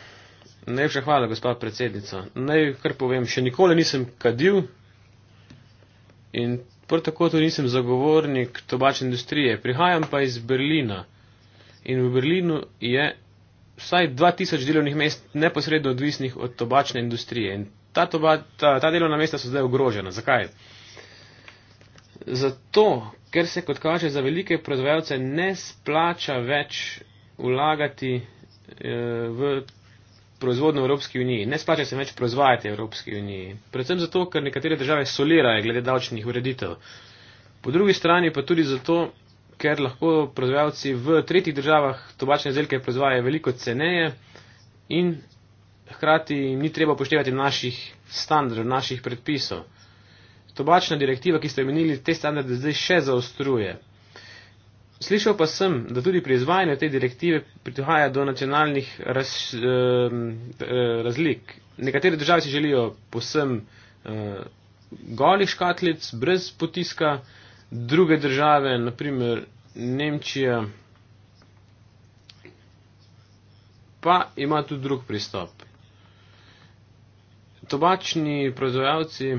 najlepša hvala, gospod predsednica. Naj kar povem, še nikoli nisem kadil in prav tako tudi nisem zagovornik tobačne industrije. Prihajam pa iz Berlina in v Berlinu je vsaj 2000 delovnih mest neposredno odvisnih od tobačne industrije. In ta, toba, ta, ta delovna mesta so zdaj ogrožena. Zakaj? Zato, ker se kot kaže za velike proizvajalce ne splača več vlagati eh, v proizvodno Evropski uniji, ne splača se več proizvajati Evropski uniji. Predvsem zato, ker nekatere države solirajo glede davčnih ureditev. Po drugi strani pa tudi zato, ker lahko proizvajalci v tretjih državah tobačne izdelke proizvajajo veliko ceneje in hkrati ni treba upoštevati naših standardov, naših predpisov. Tobačna direktiva, ki ste omenili, te standarde zdaj še zaostruje. Slišal pa sem, da tudi pri izvajanju te direktive prihaja do nacionalnih raz, eh, eh razlik. Nekatere države si želijo posem eh, golih škatlic, brez potiska, druge države, naprimer Nemčija, pa ima tudi drug pristop. Tobačni proizvajalci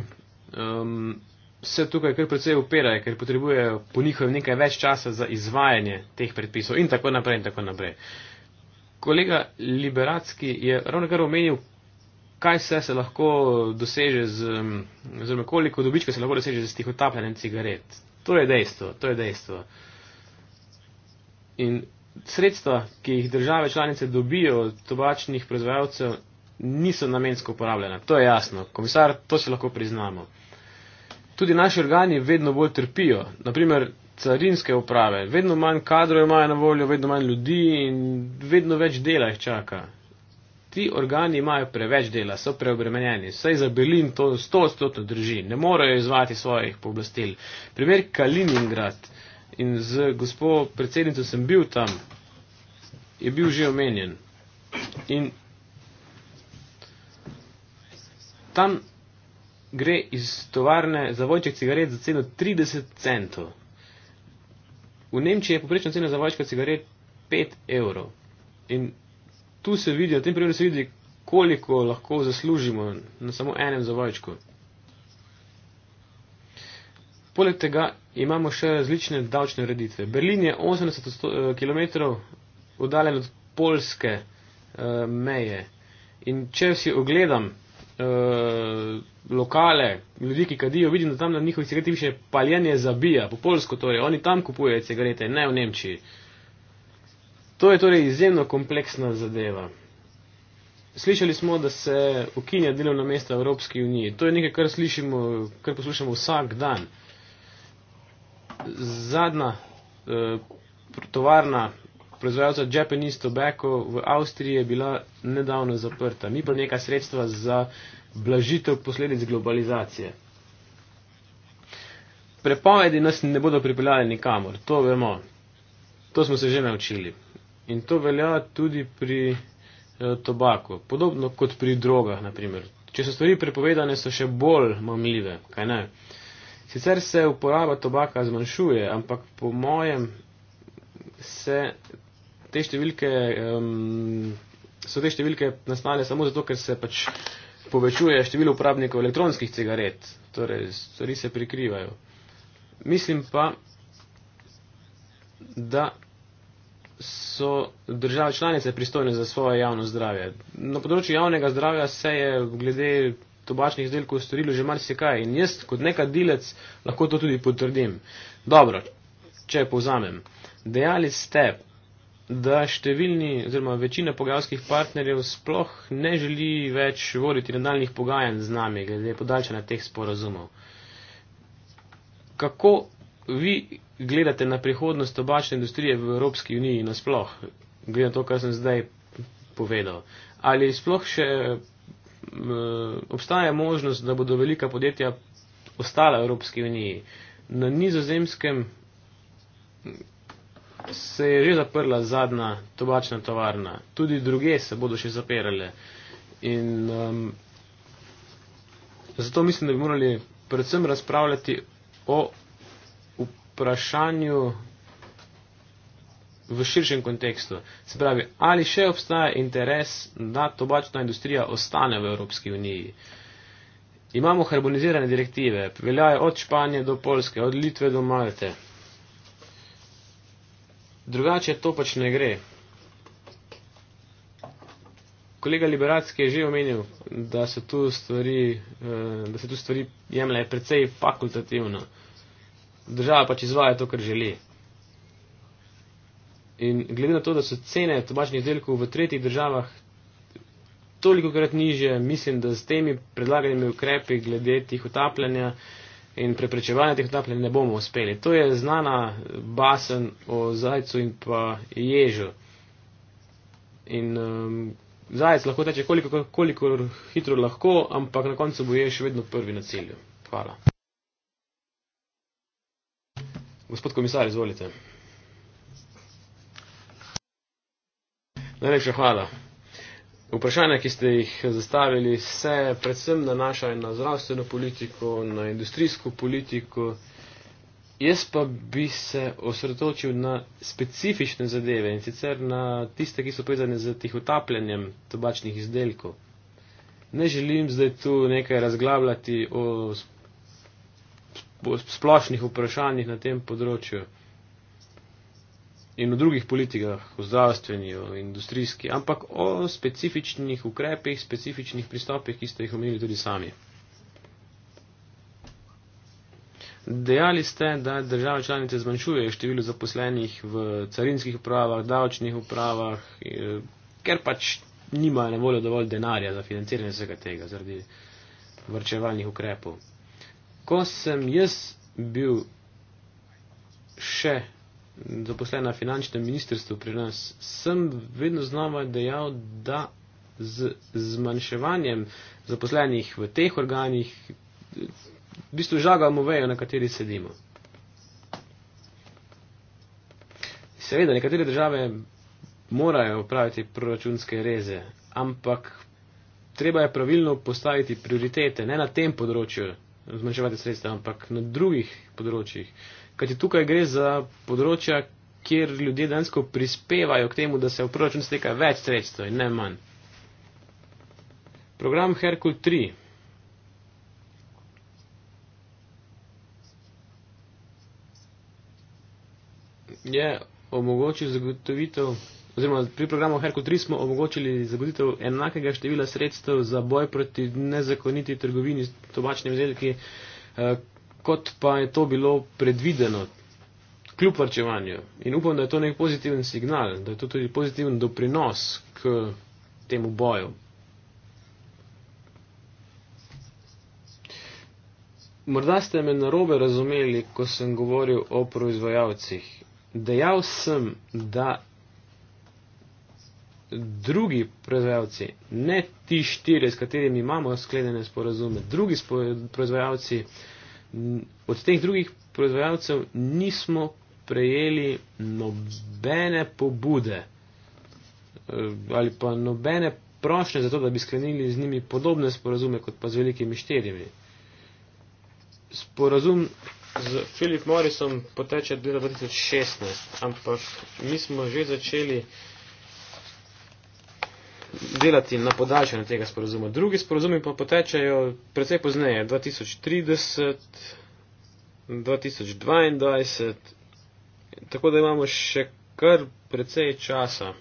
um, se tukaj kar precej upirajo, ker potrebujejo po njihovem nekaj več časa za izvajanje teh predpisov in tako naprej in tako naprej. Kolega Liberacki je ravno kar omenil, kaj se, se lahko doseže z, um, oziroma koliko dobička se lahko doseže z tih otapljanjem cigaret. To torej je dejstvo, to torej je dejstvo. In sredstva, ki jih države članice dobijo od tobačnih proizvajalcev, niso namensko uporabljena. To je jasno. Komisar, to se lahko priznamo. Tudi naši organi vedno bolj trpijo. Naprimer, carinske uprave. Vedno manj kadrov imajo na voljo, vedno manj ljudi in vedno več dela jih čaka ti organi imajo preveč dela, so preobremenjeni. Vsaj za Berlin to sto odstotno drži, ne morejo izvati svojih pooblastil. Primer Kaliningrad in z gospod predsednico sem bil tam, je bil že omenjen. In tam gre iz tovarne za vojček cigaret za ceno 30 centov. V Nemčiji je poprečna cena za vojčka cigaret 5 evrov. In tu se vidi, na tem primeru se vidi, koliko lahko zaslužimo na samo enem zavojčku. Poleg tega imamo še različne davčne ureditve. Berlin je 80 eh, km oddaljen od polske uh, eh, meje. In če si ogledam uh, lokale, ljudi, ki kadijo, vidim, da tam na njihovih cigaretih piše paljenje zabija, po polsko torej, oni tam kupujejo cigarete, ne v Nemčiji. Uh, To je torej izjemno kompleksna zadeva. Slišali smo, da se ukinja delovna mesta v Evropski uniji. To je nekaj, kar, slišimo, kar poslušamo vsak dan. Zadnja eh, tovarna proizvajalca Japanese Tobacco v Avstriji je bila nedavno zaprta. Mi pa neka sredstva za blažitev posledic globalizacije. Prepovedi nas ne bodo pripeljali nikamor, to vemo. To smo se že naučili. In to velja tudi pri eh, tobaku, podobno kot pri drogah, naprimer. Če so stvari prepovedane, so še bolj mamljive, kaj ne. Sicer se uporaba tobaka zmanjšuje, ampak po mojem se te številke, um, so te številke nastale samo zato, ker se pač povečuje število uporabnikov elektronskih cigaret, torej stvari se prikrivajo. Mislim pa, da so države članice pristojne za svoje javno zdravje. Na področju javnega zdravja se je glede tobačnih izdelkov storilo že marsikaj in jaz kot neka delec lahko to tudi potrdim. Dobro, če povzamem. Dejali ste, da številni oziroma večina pogajalskih partnerjev sploh ne želi več voditi nadaljnih pogajanj z nami glede podaljšanja teh sporazumov. Kako vi gledate na prihodnost tobačne industrije v Evropski uniji nasploh, glede na to, kar sem zdaj povedal? Ali sploh še obstaja možnost, da bodo velika podjetja ostala v Evropski uniji? Na nizozemskem se je že zaprla zadnja tobačna tovarna, tudi druge se bodo še zapirale. In um, zato mislim, da bi morali predvsem razpravljati o vprašanju v širšem kontekstu. Se pravi, ali še obstaja interes, da tobačna industrija ostane v Evropski uniji. Imamo harmonizirane direktive, veljajo od Španije do Polske, od Litve do Malte. Drugače to pač ne gre. Kolega Liberacki je že omenil, da se tu stvari, eh, stvari jemljejo precej fakultativno država pač izvaja to, kar želi. In glede na to, da so cene tobačnih delkov v tretjih državah toliko krat niže, mislim, da s temi predlaganimi ukrepi glede tih utapljanja in preprečevanja teh utapljanj ne bomo uspeli. To je znana basen o zajcu in pa ježu. In um, zajec lahko teče koliko, koliko hitro lahko, ampak na koncu bo jež vedno prvi na cilju. Hvala. Gospod komisar, izvolite. Najlepša hvala. Vprašanja, ki ste jih zastavili, se predvsem nanašajo na zdravstveno politiko, na industrijsko politiko. Jaz pa bi se osredotočil na specifične zadeve in sicer na tiste, ki so povezane z tihotapljanjem tobačnih izdelkov. Ne želim zdaj tu nekaj razglabljati o splošnih vprašanjih na tem področju in v drugih politikah, v zdravstveni, v industrijski, ampak o specifičnih ukrepih, specifičnih pristopih, ki ste jih omenili tudi sami. Dejali ste, da države članice zmanjšujejo število zaposlenih v carinskih upravah, davčnih upravah, eh, ker pač nimajo na voljo dovolj denarja za financiranje vsega tega zaradi vrčevalnih ukrepov ko sem jaz bil še zaposlen na finančnem ministrstvu pri nas, sem vedno znova dejal, da z zmanjševanjem zaposlenih v teh organih, v bistvu žagamo vejo, na kateri sedimo. Seveda, nekatere države morajo upraviti proračunske reze, ampak treba je pravilno postaviti prioritete, ne na tem področju, zmanjševati sredstva, ampak na drugih področjih. Kajti tukaj gre za področja, kjer ljudje densko prispevajo k temu, da se v proračun steka več sredstva in ne manj. Program Herkul 3. Je omogočil zagotovitev oziroma pri programu Herku 3 smo omogočili zagotovitev enakega števila sredstev za boj proti nezakoniti trgovini s tobačnimi izdelki, eh, kot pa je to bilo predvideno. Kljub varčevanju in upam, da je to nek pozitiven signal, da je to tudi pozitiven doprinos k temu boju. Morda ste me narobe razumeli, ko sem govoril o proizvajalcih. Dejal sem, da drugi proizvajalci, ne ti štiri, s katerimi imamo sklenjene sporazume, drugi proizvajalci, od teh drugih proizvajalcev nismo prejeli nobene pobude e, ali pa nobene prošnje za to, da bi sklenili z njimi podobne sporazume kot pa z velikimi štirimi. Sporazum z Philip Morrisom poteče od 2016, ampak mi smo že začeli delati na podaljšanje tega sporozuma. Drugi sporozumi pa potečajo precej pozneje, 2030, 2022, tako da imamo še kar precej časa.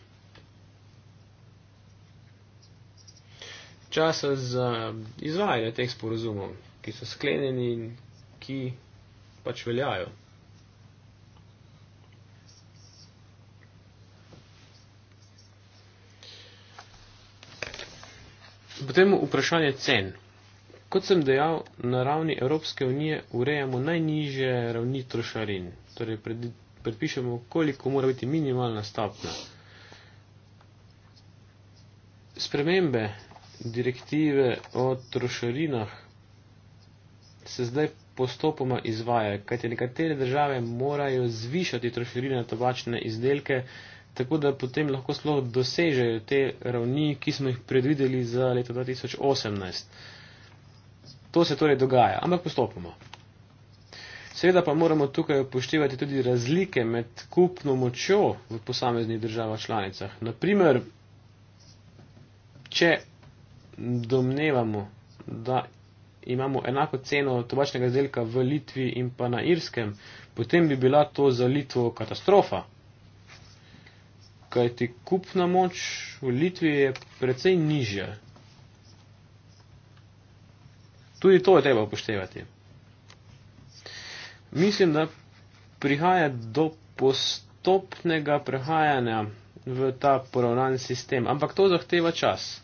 Časa za izvajanje teh sporozumov, ki so sklenjeni in ki pač veljajo. Potem vprašanje cen. Kot sem dejal, na ravni Evropske unije urejamo najniže ravni trošarin, torej predpišemo, koliko mora biti minimalna stopna. Spremembe direktive o trošarinah se zdaj postopoma izvajajo, kajti nekatere države morajo zvišati trošarine na tobačne izdelke, tako da potem lahko zelo dosežejo te ravni, ki smo jih predvideli za leto 2018. To se torej dogaja, ampak postopoma. Seveda pa moramo tukaj upoštevati tudi razlike med kupno močjo v posameznih državah članicah. Naprimer, če domnevamo, da imamo enako ceno tobačnega izdelka v Litvi in pa na Irskem, potem bi bila to za Litvo katastrofa kajti kupna moč v Litvi je precej nižja. Tudi to je treba upoštevati. Mislim, da prihaja do postopnega prehajanja v ta poravnan sistem, ampak to zahteva čas.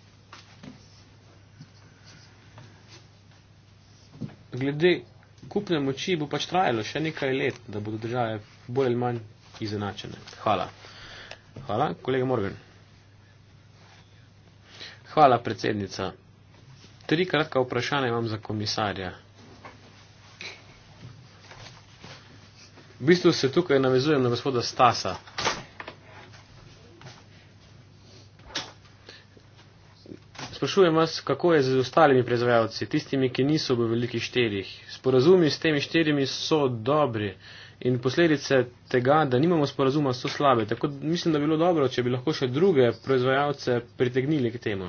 Glede kupne moči bo pač trajalo še nekaj let, da bodo države bolj ali manj izenačene. Hvala. Hvala. Kolega Morgan. Hvala, predsednica. Tri kratka vprašanja imam za komisarja. V bistvu se tukaj navezujem na gospoda Stasa. Sprašujem vas, kako je z ostalimi proizvajalci, tistimi, ki niso v velikih štirih. Sporazumi s temi štirimi so dobri. In posledice tega, da nimamo sporazuma, so slabe. Tako mislim, da bi bilo dobro, če bi lahko še druge proizvajalce pritegnili k temu.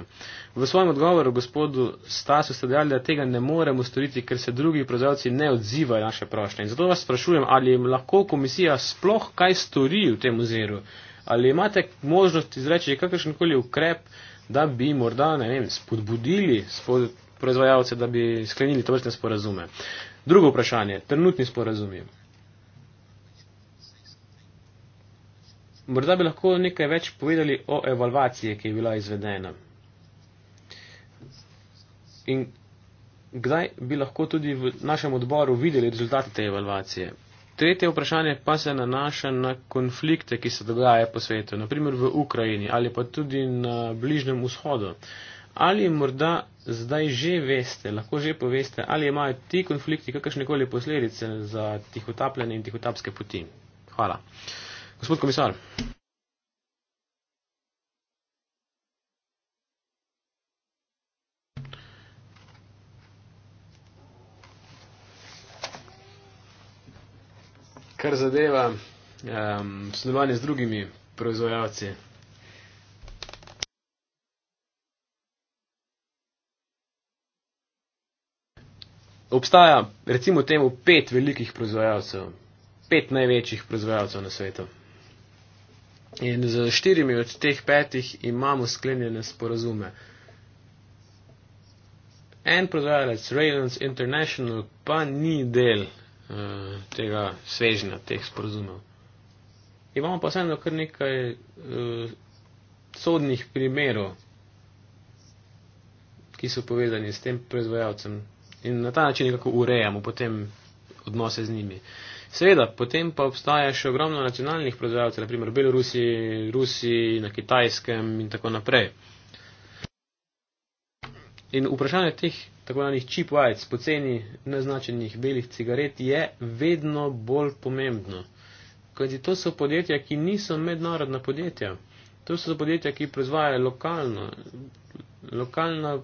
V svojem odgovoru gospodu Stasu ste dejali, da tega ne moremo storiti, ker se drugi proizvajalci ne odzivajo naše prošlje. In zato vas sprašujem, ali lahko komisija sploh kaj stori v tem oziru. Ali imate možnost izreči kakršenkoli ukrep, da bi morda ne vem, spodbudili spod proizvajalce, da bi sklenili tovrstne sporazume. Drugo vprašanje, trenutni sporazumi. Morda bi lahko nekaj več povedali o evalvaciji, ki je bila izvedena. In kdaj bi lahko tudi v našem odboru videli rezultate te evalvacije? Tretje vprašanje pa se nanaša na konflikte, ki se dogajajo po svetu, naprimer v Ukrajini ali pa tudi na Bližnjem vzhodu. Ali morda zdaj že veste, lahko že poveste, ali imajo ti konflikti kakršnekoli posledice za tihotapljanje in tihotapske poti? Hvala. Gospod komisar. Kar zadeva um, sodelovanje z drugimi proizvajalci. Obstaja recimo temu pet velikih proizvajalcev, pet največjih proizvajalcev na svetu. In z štirimi od teh petih imamo sklenjene sporazume. En prodajalec, Raylands International, pa ni del uh, tega svežnja, teh sporazumev. Imamo pa vseeno kar nekaj uh, sodnih primerov, ki so povezani s tem proizvajalcem in na ta način nekako urejamo potem odnose z njimi. Uh, Seveda, potem pa obstaja še ogromno nacionalnih proizvajalcev, naprimer Belorusi, Rusi, na Kitajskem in tako naprej. In vprašanje teh tako danih cheap whites, poceni neznačenih belih cigaret je vedno bolj pomembno. Kajti to so podjetja, ki niso mednarodna podjetja. To so podjetja, ki proizvajajo lokalno. Lokalna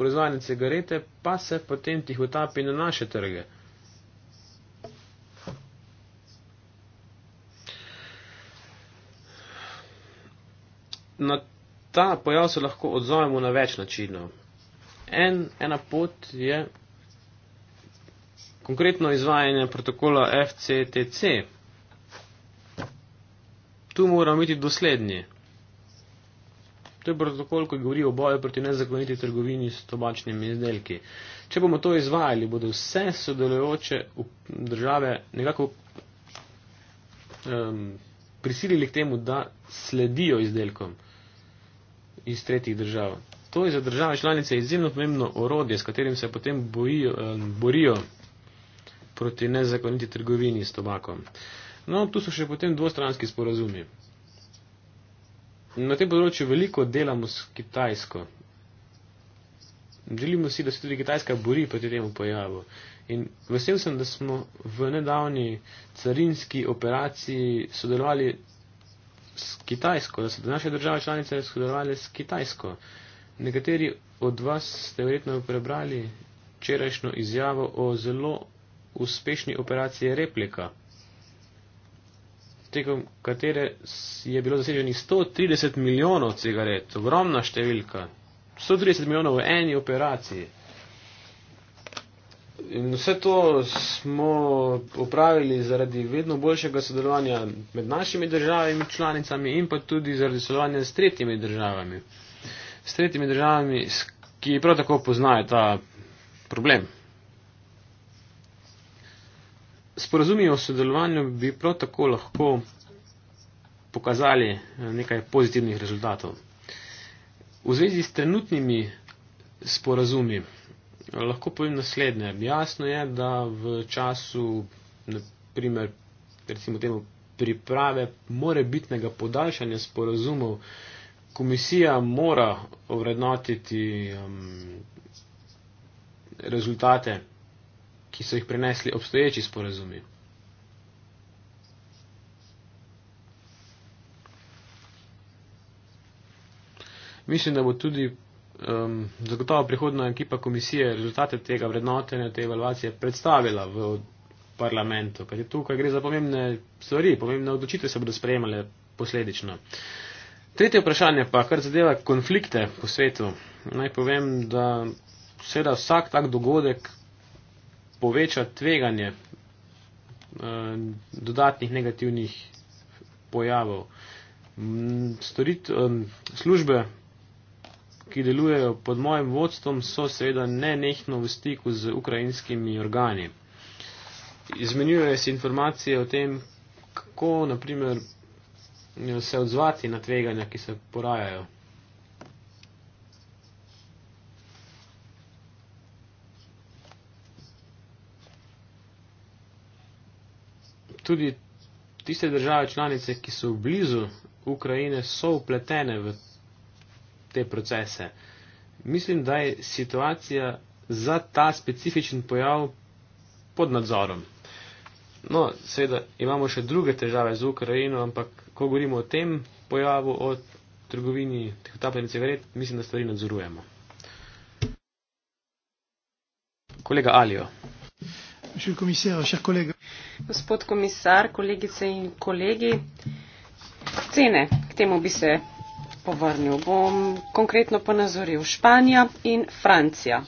proizvajanje cigarete pa se potem tih utapi na naše trge. na ta pojav se lahko odzovemo na več načinov. En, ena pot je konkretno izvajanje protokola FCTC. Tu moramo biti doslednji. To je protokol, ki govori o boju proti nezakoniti trgovini s tobačnimi izdelki. Če bomo to izvajali, bodo vse sodelujoče države nekako um, prisilili k temu, da sledijo izdelkom iz tretjih držav. To je za države članice izjemno pomembno orodje, s katerim se potem bojijo, eh, borijo proti nezakoniti trgovini s tobakom. No, tu so še potem dvostranski sporazumi. Na tem področju veliko delamo s Kitajsko. Želimo si, da se tudi Kitajska bori proti temu pojavu. In vesel sem, da smo v nedavni carinski operaciji sodelovali s Kitajsko, da so naše države članice sodelovali s Kitajsko. Nekateri od vas ste verjetno prebrali včerajšnjo izjavo o zelo uspešni operaciji Replika, tekom katere je bilo zaseženih 130 milijonov cigaret, ogromna številka, 130 milijonov v eni operaciji. In vse to smo upravili zaradi vedno boljšega sodelovanja med našimi državami članicami in pa tudi zaradi sodelovanja s tretjimi državami. S tretjimi državami, ki prav tako poznajo ta problem. Sporazumi o sodelovanju bi prav tako lahko pokazali eh, nekaj pozitivnih rezultatov. V zvezi s trenutnimi sporazumi, lahko povem naslednje. Jasno je, da v času, naprimer, recimo temu priprave morebitnega podaljšanja sporazumov, komisija mora ovrednotiti um, rezultate, ki so jih prenesli obstoječi sporazumi. Mislim, da bo tudi um, zagotovo prihodna ekipa komisije rezultate tega vrednotenja, te evalvacije predstavila v parlamentu, ker je tukaj gre za pomembne stvari, pomembne odločitve se bodo sprejemale posledično. Tretje vprašanje pa, kar zadeva konflikte po svetu. Naj povem, da seveda vsak tak dogodek poveča tveganje eh, dodatnih negativnih pojavov. Storit, eh, službe ki delujejo pod mojim vodstvom, so seveda nenehno v stiku z ukrajinskimi organi. Izmenjujejo se informacije o tem, kako naprimer, se odzvati na tveganja, ki se porajajo. Tudi tiste države članice, ki so blizu Ukrajine, so upletene v te procese. Mislim, da je situacija za ta specifičen pojav pod nadzorom. No, seveda imamo še druge težave z Ukrajino, ampak ko govorimo o tem pojavu, o trgovini teh utapljenih cigaret, mislim, da stvari nadzorujemo. Kolega Alijo. Gospod komisar, kolegice in kolegi, cene, k temu bi se povrnil. Bom konkretno ponazoril Španija in Francija.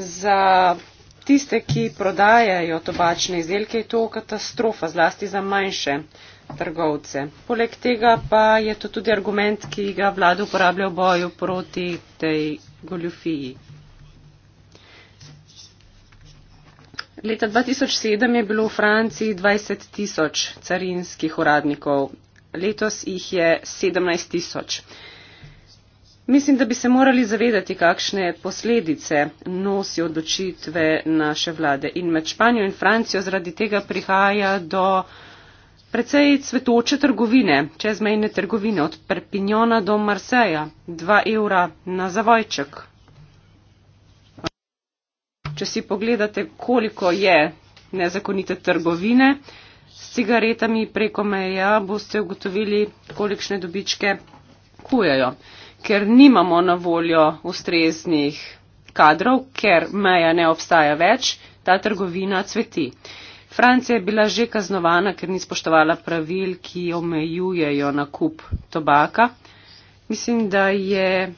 Za tiste, ki prodajajo tobačne izdelke, je to katastrofa, zlasti za manjše trgovce. Poleg tega pa je to tudi argument, ki ga vlada uporablja v boju proti tej goljufiji. Leta 2007 je bilo v Franciji 20 tisoč carinskih uradnikov letos jih je 17 tisoč. Mislim, da bi se morali zavedati, kakšne posledice nosi odločitve naše vlade. In med Španijo in Francijo zaradi tega prihaja do precej cvetoče trgovine, čezmejne trgovine, od Perpignona do Marseja, 2 evra na zavojček. Če si pogledate, koliko je nezakonite trgovine, cigaretami preko meja, boste ugotovili, kolikšne dobičke kujajo, ker nimamo na voljo ustreznih kadrov, ker meja ne obstaja več, ta trgovina cveti. Francija je bila že kaznovana, ker ni spoštovala pravil, ki omejujejo nakup tobaka. Mislim, da je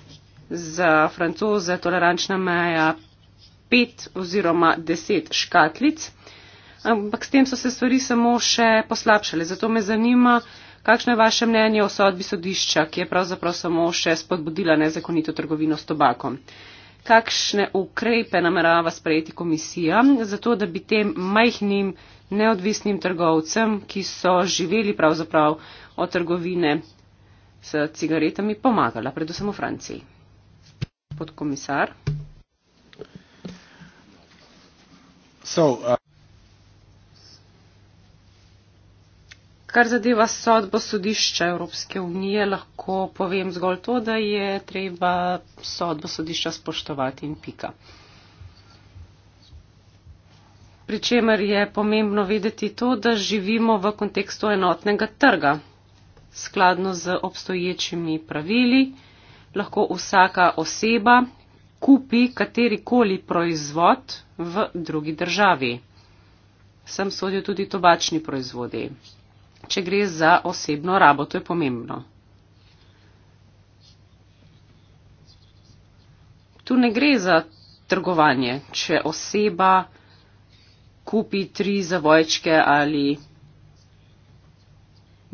za francoze tolerančna meja 5 oziroma 10 škatlic ampak s tem so se stvari samo še poslabšale. Zato me zanima, kakšno je vaše mnenje o sodbi sodišča, ki je pravzaprav samo še spodbudila nezakonito trgovino s tobakom. Kakšne ukrepe namerava sprejeti komisija, zato da bi tem majhnim neodvisnim trgovcem, ki so živeli pravzaprav od trgovine s cigaretami, pomagala, predvsem v Franciji. Podkomisar. So, uh... kar zadeva sodbo sodišča Evropske unije, lahko povem zgolj to, da je treba sodbo sodišča spoštovati in pika. Pričemer je pomembno vedeti to, da živimo v kontekstu enotnega trga. Skladno z obstoječimi pravili lahko vsaka oseba kupi katerikoli proizvod v drugi državi. Sem sodijo tudi tobačni proizvodi če gre za osebno rabo, to je pomembno. Tu ne gre za trgovanje, če oseba kupi tri zavojčke ali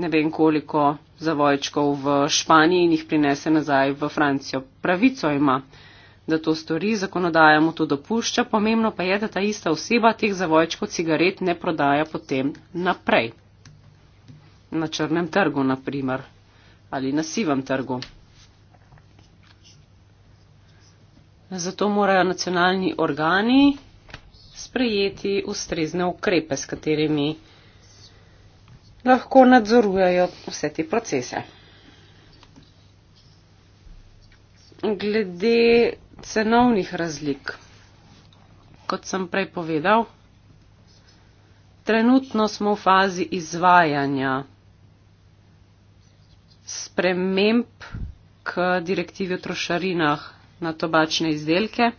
ne vem koliko zavojčkov v Španiji in jih prinese nazaj v Francijo. Pravico ima, da to stori, zakonodaja mu to dopušča, pomembno pa je, da ta ista oseba teh zavojčkov cigaret ne prodaja potem naprej na črnem trgu, naprimer, ali na sivem trgu. Zato morajo nacionalni organi sprejeti ustrezne ukrepe, s katerimi lahko nadzorujejo vse te procese. Glede cenovnih razlik, kot sem prej povedal, trenutno smo v fazi izvajanja sprememb k direktivi o trošarinah na tobačne izdelke.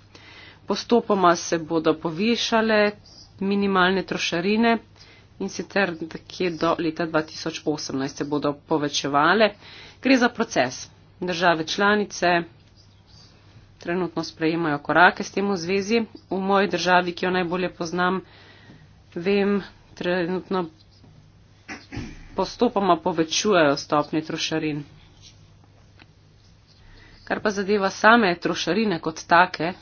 Postopoma se bodo povišale minimalne trošarine in sicer nekje do leta 2018 se bodo povečevale. Gre za proces. Države članice trenutno sprejemajo korake s tem v zvezi. V moji državi, ki jo najbolje poznam, vem, trenutno postopoma povečujejo stopnje trošarin. Kar pa zadeva same trošarine kot take,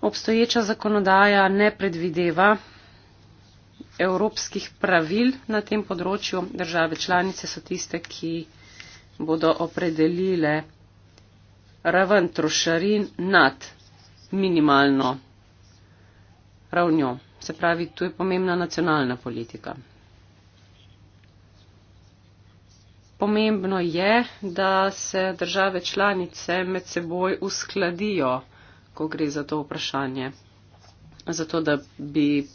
obstoječa zakonodaja ne predvideva evropskih pravil na tem področju. Države članice so tiste, ki bodo opredelile raven trošarin nad minimalno ravnjo. Se pravi, tu je pomembna nacionalna politika. Pomembno je, da se države članice med seboj uskladijo, ko gre za to vprašanje, zato da bi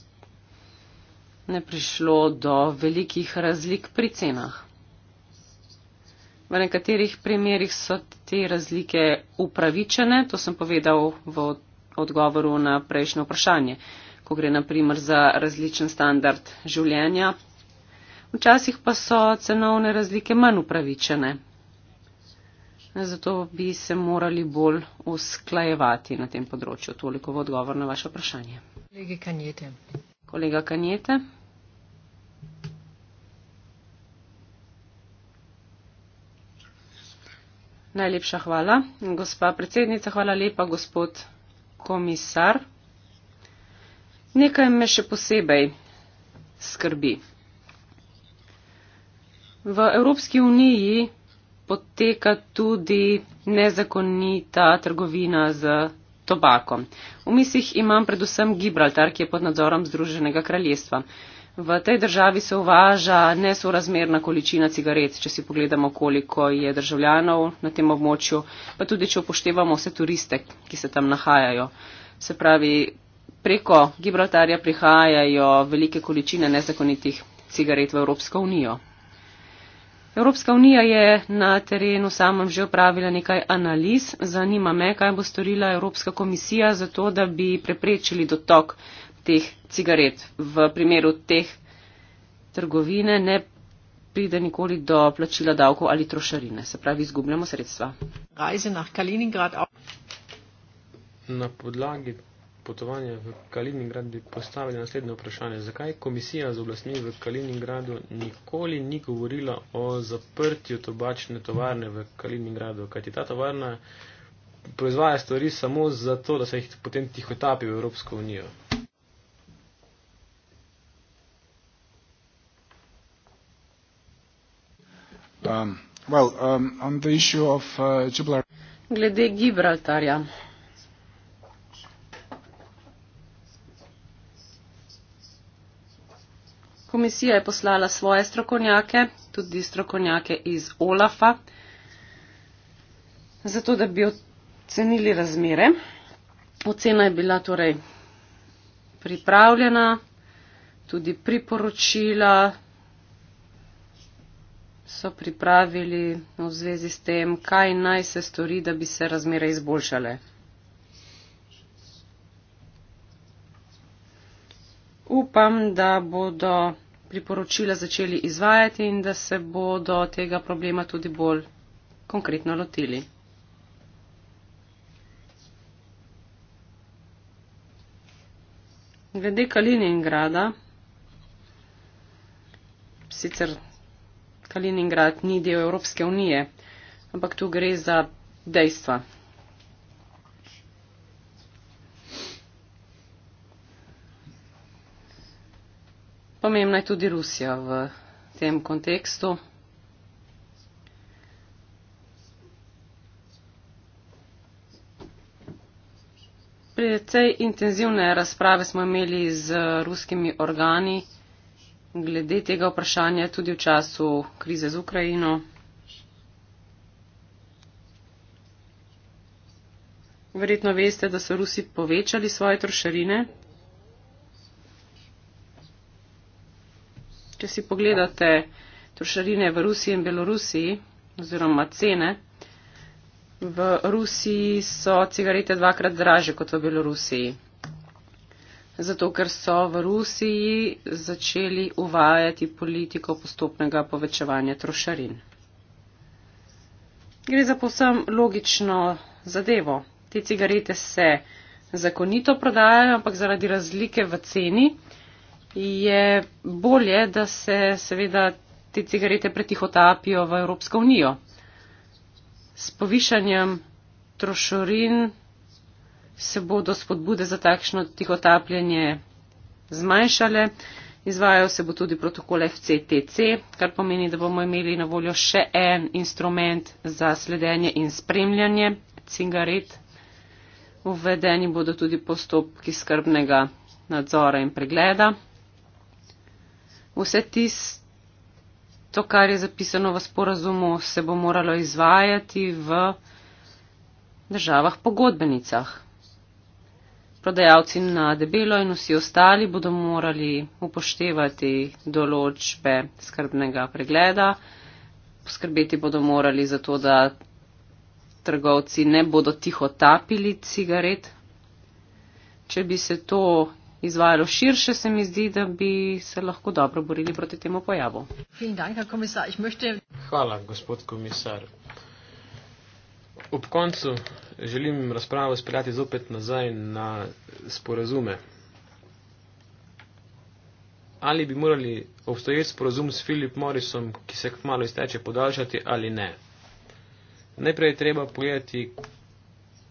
ne prišlo do velikih razlik pri cenah. V nekaterih primerjih so te razlike upravičene, to sem povedal v odgovoru na prejšnjo vprašanje, ko gre naprimer za različen standard življenja, včasih pa so cenovne razlike manj upravičene. Zato bi se morali bolj usklajevati na tem področju. Toliko v odgovor na vaše vprašanje. Kolega Kanjete. Kolega Kanjete. Najlepša hvala. Gospa predsednica, hvala lepa, gospod komisar. Nekaj me še posebej skrbi. V Evropski uniji poteka tudi nezakonita trgovina z tobakom. V mislih imam predvsem Gibraltar, ki je pod nadzorom Združenega kraljestva. V tej državi se uvaža nesorazmerna količina cigaret, če si pogledamo, koliko je državljanov na tem območju, pa tudi, če upoštevamo vse turiste, ki se tam nahajajo. Se pravi, preko Gibraltarja prihajajo velike količine nezakonitih cigaret v Evropsko unijo. Evropska unija je na terenu samem že upravila nekaj analiz. Zanima me, kaj bo storila Evropska komisija za to, da bi preprečili dotok teh cigaret. V primeru teh trgovine ne pride nikoli do plačila davkov ali trošarine. Se pravi, izgubljamo sredstva. Na podlagi potovanja v Kaliningrad bi postavili naslednje vprašanje. Zakaj komisija z oblastmi v Kaliningradu nikoli ni govorila o zaprtju tobačne tovarne v Kaliningradu? Kajti ta tovarna proizvaja stvari samo zato, da se jih potem tihotapi v Evropsko unijo. Um, well, um, uh, Glede Gibraltarja. Komisija je poslala svoje strokovnjake, tudi strokovnjake iz OLAF-a, zato da bi ocenili razmere. Ocena je bila torej pripravljena, tudi priporočila so pripravili v zvezi s tem, kaj naj se stori, da bi se razmere izboljšale. upam, da bodo priporočila začeli izvajati in da se bodo tega problema tudi bolj konkretno lotili. Glede Kaliningrada, sicer Kaliningrad ni del Evropske unije, ampak tu gre za dejstva. Pomembna je tudi Rusija v tem kontekstu. Precej intenzivne razprave smo imeli z ruskimi organi glede tega vprašanja tudi v času krize z Ukrajino. Verjetno veste, da so Rusi povečali svoje trošarine Če si pogledate trošarine v Rusiji in Belorusiji, oziroma cene, v Rusiji so cigarete dvakrat draže kot v Belorusiji. Zato, ker so v Rusiji začeli uvajati politiko postopnega povečevanja trošarin. Gre za povsem logično zadevo. Te cigarete se zakonito prodajajo, ampak zaradi razlike v ceni je bolje, da se seveda te cigarete pretiho tapijo v Evropsko unijo. S povišanjem trošorin se bodo spodbude za takšno tiho tapljanje zmanjšale. Izvajal se bo tudi protokol FCTC, kar pomeni, da bomo imeli na voljo še en instrument za sledenje in spremljanje cigaret. Uvedeni bodo tudi postopki skrbnega nadzora in pregleda vse tisto, kar je zapisano v sporazumu, se bo moralo izvajati v državah pogodbenicah. Prodajalci na debelo in vsi ostali bodo morali upoštevati določbe skrbnega pregleda, poskrbeti bodo morali za to, da trgovci ne bodo tiho tapili cigaret. Če bi se to izvajalo širše, se mi zdi, da bi se lahko dobro borili proti temu pojavu. Hvala, gospod komisar. Ob koncu želim razpravo speljati zopet nazaj na sporazume. Ali bi morali obstoječ sporazum s Philip Morrisom, ki se kmalo izteče, podaljšati ali ne? Najprej je treba pogledati,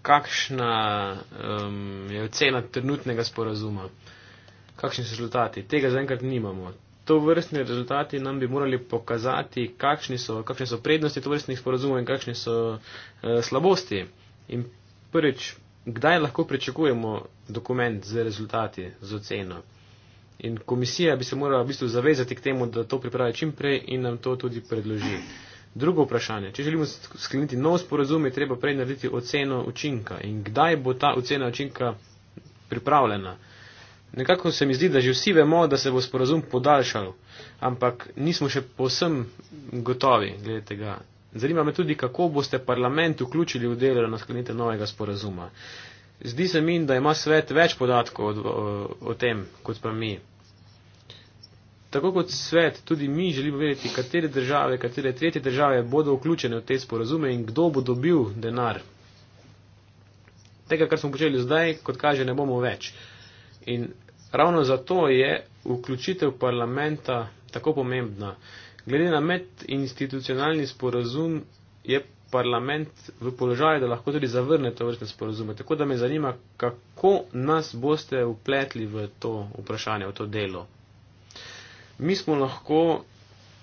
kakšna um, je ocena trenutnega sporazuma, kakšni so rezultati. Tega zaenkrat nimamo. To vrstni rezultati nam bi morali pokazati, kakšne so, kakšne so prednosti to vrstnih sporazumov in kakšne so uh, slabosti. In prvič, kdaj lahko pričakujemo dokument z rezultati, z oceno. In komisija bi se morala v bistvu zavezati k temu, da to pripravi čim prej in nam to tudi predloži. Drugo vprašanje. Če želimo skleniti nov sporozum, je treba prej narediti oceno učinka. In kdaj bo ta ocena učinka pripravljena? Nekako se mi zdi, da že vsi vemo, da se bo sporozum podaljšal, ampak nismo še posem gotovi glede tega. Zanima me tudi, kako boste parlament vključili v delo na sklenitev novega sporozuma. Zdi se mi, da ima svet več podatkov o, o, o tem, kot pa mi. Tako kot svet, tudi mi želimo vedeti, katere države, katere tretje države bodo vključene v te sporazume in kdo bo dobil denar. Tega, kar smo počeli zdaj, kot kaže, ne bomo več. In ravno zato je vključitev parlamenta tako pomembna. Glede na medinstitucionalni sporazum je parlament v položaju, da lahko tudi zavrne to vrstne sporazume. Tako da me zanima, kako nas boste upletli v to vprašanje, v to delo mi smo lahko,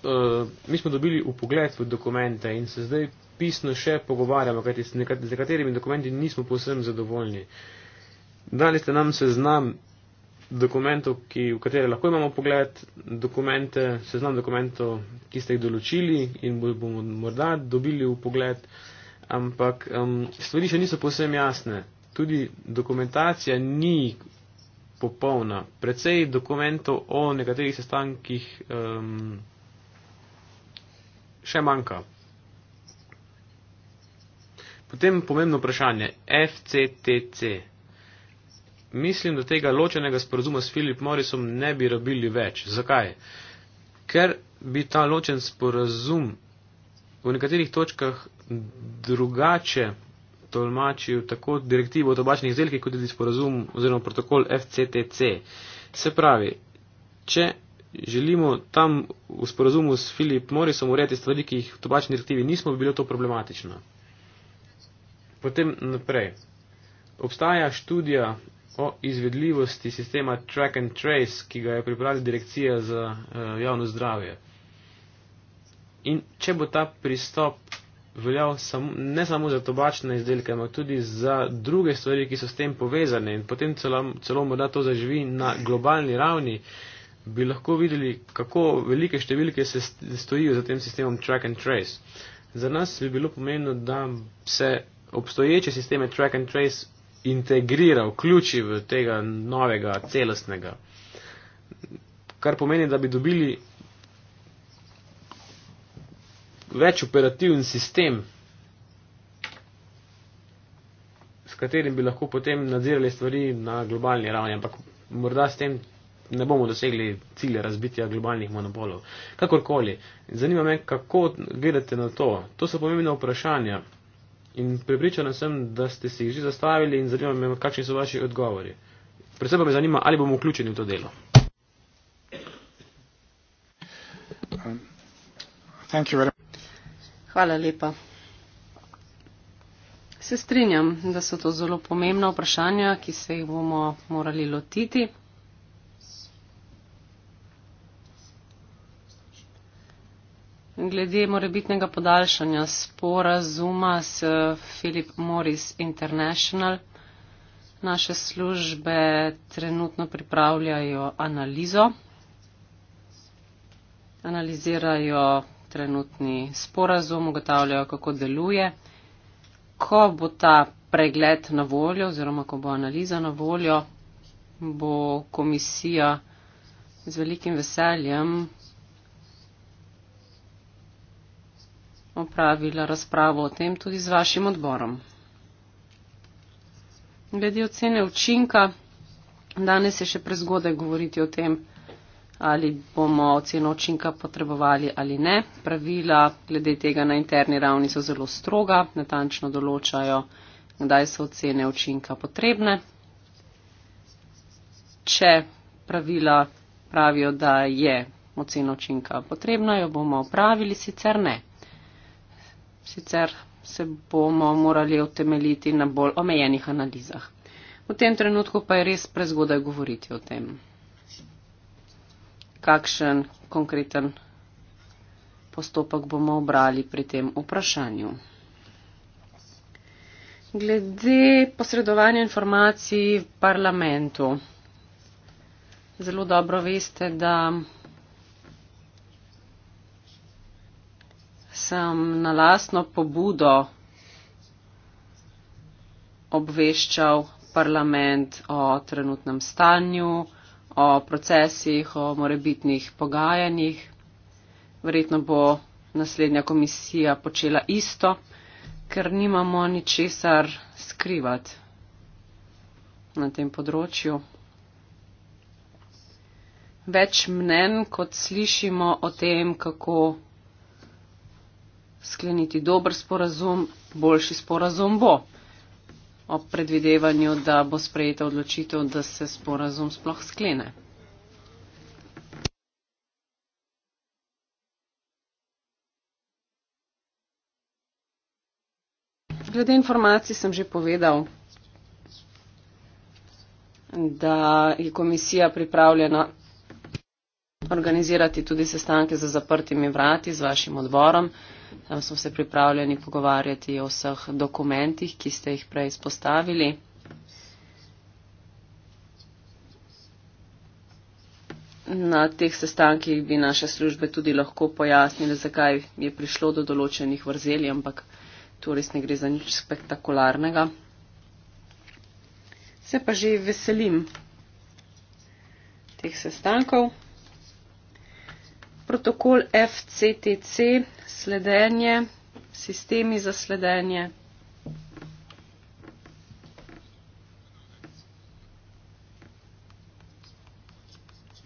eh, mi smo dobili upogled v dokumente in se zdaj pisno še pogovarjamo, kajti z nekaterimi dokumenti nismo posebno zadovoljni. Dali ste nam seznam dokumentov, ki, v katere lahko imamo pogled, dokumente, seznam dokumentov, ki ste jih določili in bomo morda dobili upogled, ampak um, stvari še niso posebno jasne. Tudi dokumentacija ni popolna. Predvsej dokumentov o nekaterih sestankih um, še manjka. Potem pomembno vprašanje. FCTC. Mislim, da tega ločenega sporozuma s Philip Morrisom ne bi rabili več. Zakaj? Ker bi ta ločen sporozum v nekaterih točkah drugače tolmačil tako direktivo o tobačnih izdelkih, kot tudi sporazum oziroma protokol FCTC. Se pravi, če želimo tam v sporazumu s Filip Morisom urediti stvari, ki jih v tobačni direktivi nismo, bi bilo to problematično. Potem naprej. Obstaja študija o izvedljivosti sistema track and trace, ki ga je pripravila direkcija za eh, javno zdravje. In če bo ta pristop veljal sam, ne samo za tobačne izdelke, ampak tudi za druge stvari, ki so s tem povezane in potem celo, celo morda to zaživi na globalni ravni, bi lahko videli, kako velike številke se stojijo za tem sistemom track and trace. Za nas bi bilo pomembno, da se obstoječe sisteme track and trace integrira, vključi v tega novega, celostnega. Kar pomeni, da bi dobili več operativni sistem, s katerim bi lahko potem nadzirali stvari na globalni ravni, ampak morda s tem ne bomo dosegli cilje razbitja globalnih monopolov. Kakorkoli, zanima me, kako gledate na to. To so pomembna vprašanja in prepričana sem, da ste si jih že zastavili in zanima me, kakšni so vaši odgovori. Predvsem pa me zanima, ali bomo vključeni v to delo. Um, thank you very much. Hvala lepa. Se strinjam, da so to zelo pomembna vprašanja, ki se jih bomo morali lotiti. Glede morebitnega podaljšanja sporazuma s Philip Morris International, naše službe trenutno pripravljajo analizo. Analizirajo trenutni sporazum, ugotavljajo, kako deluje. Ko bo ta pregled na voljo oziroma ko bo analiza na voljo, bo komisija z velikim veseljem opravila razpravo o tem tudi z vašim odborom. Glede ocene učinka, danes je še prezgodaj govoriti o tem, ali bomo oceno učinka potrebovali ali ne. Pravila glede tega na interni ravni so zelo stroga, natančno določajo, kdaj so ocene učinka potrebne. Če pravila pravijo, da je oceno učinka potrebna, jo bomo opravili, sicer ne. Sicer se bomo morali utemeljiti na bolj omejenih analizah. V tem trenutku pa je res prezgodaj govoriti o tem kakšen konkreten postopek bomo obrali pri tem vprašanju. Glede posredovanja informacij v parlamentu. Zelo dobro veste, da sem na lastno pobudo obveščal parlament o trenutnem stanju, o procesih, o morebitnih pogajanjih. Verjetno bo naslednja komisija počela isto, ker nimamo ničesar skrivati na tem področju. Več mnen, kot slišimo o tem, kako skleniti dober sporazum, boljši sporazum bo ob predvidevanju, da bo sprejeta odločitev, da se sporazum sploh sklene. Glede informacij sem že povedal, da je komisija pripravljena organizirati tudi sestanke za zaprtimi vrati z vašim odborom. Tam smo se pripravljeni pogovarjati o vseh dokumentih, ki ste jih prej izpostavili. Na teh sestankih bi naše službe tudi lahko pojasnile, zakaj je prišlo do določenih vrzeli, ampak to res ne gre za nič spektakularnega. Se pa že veselim teh sestankov protokol FCTC, sledenje, sistemi za sledenje.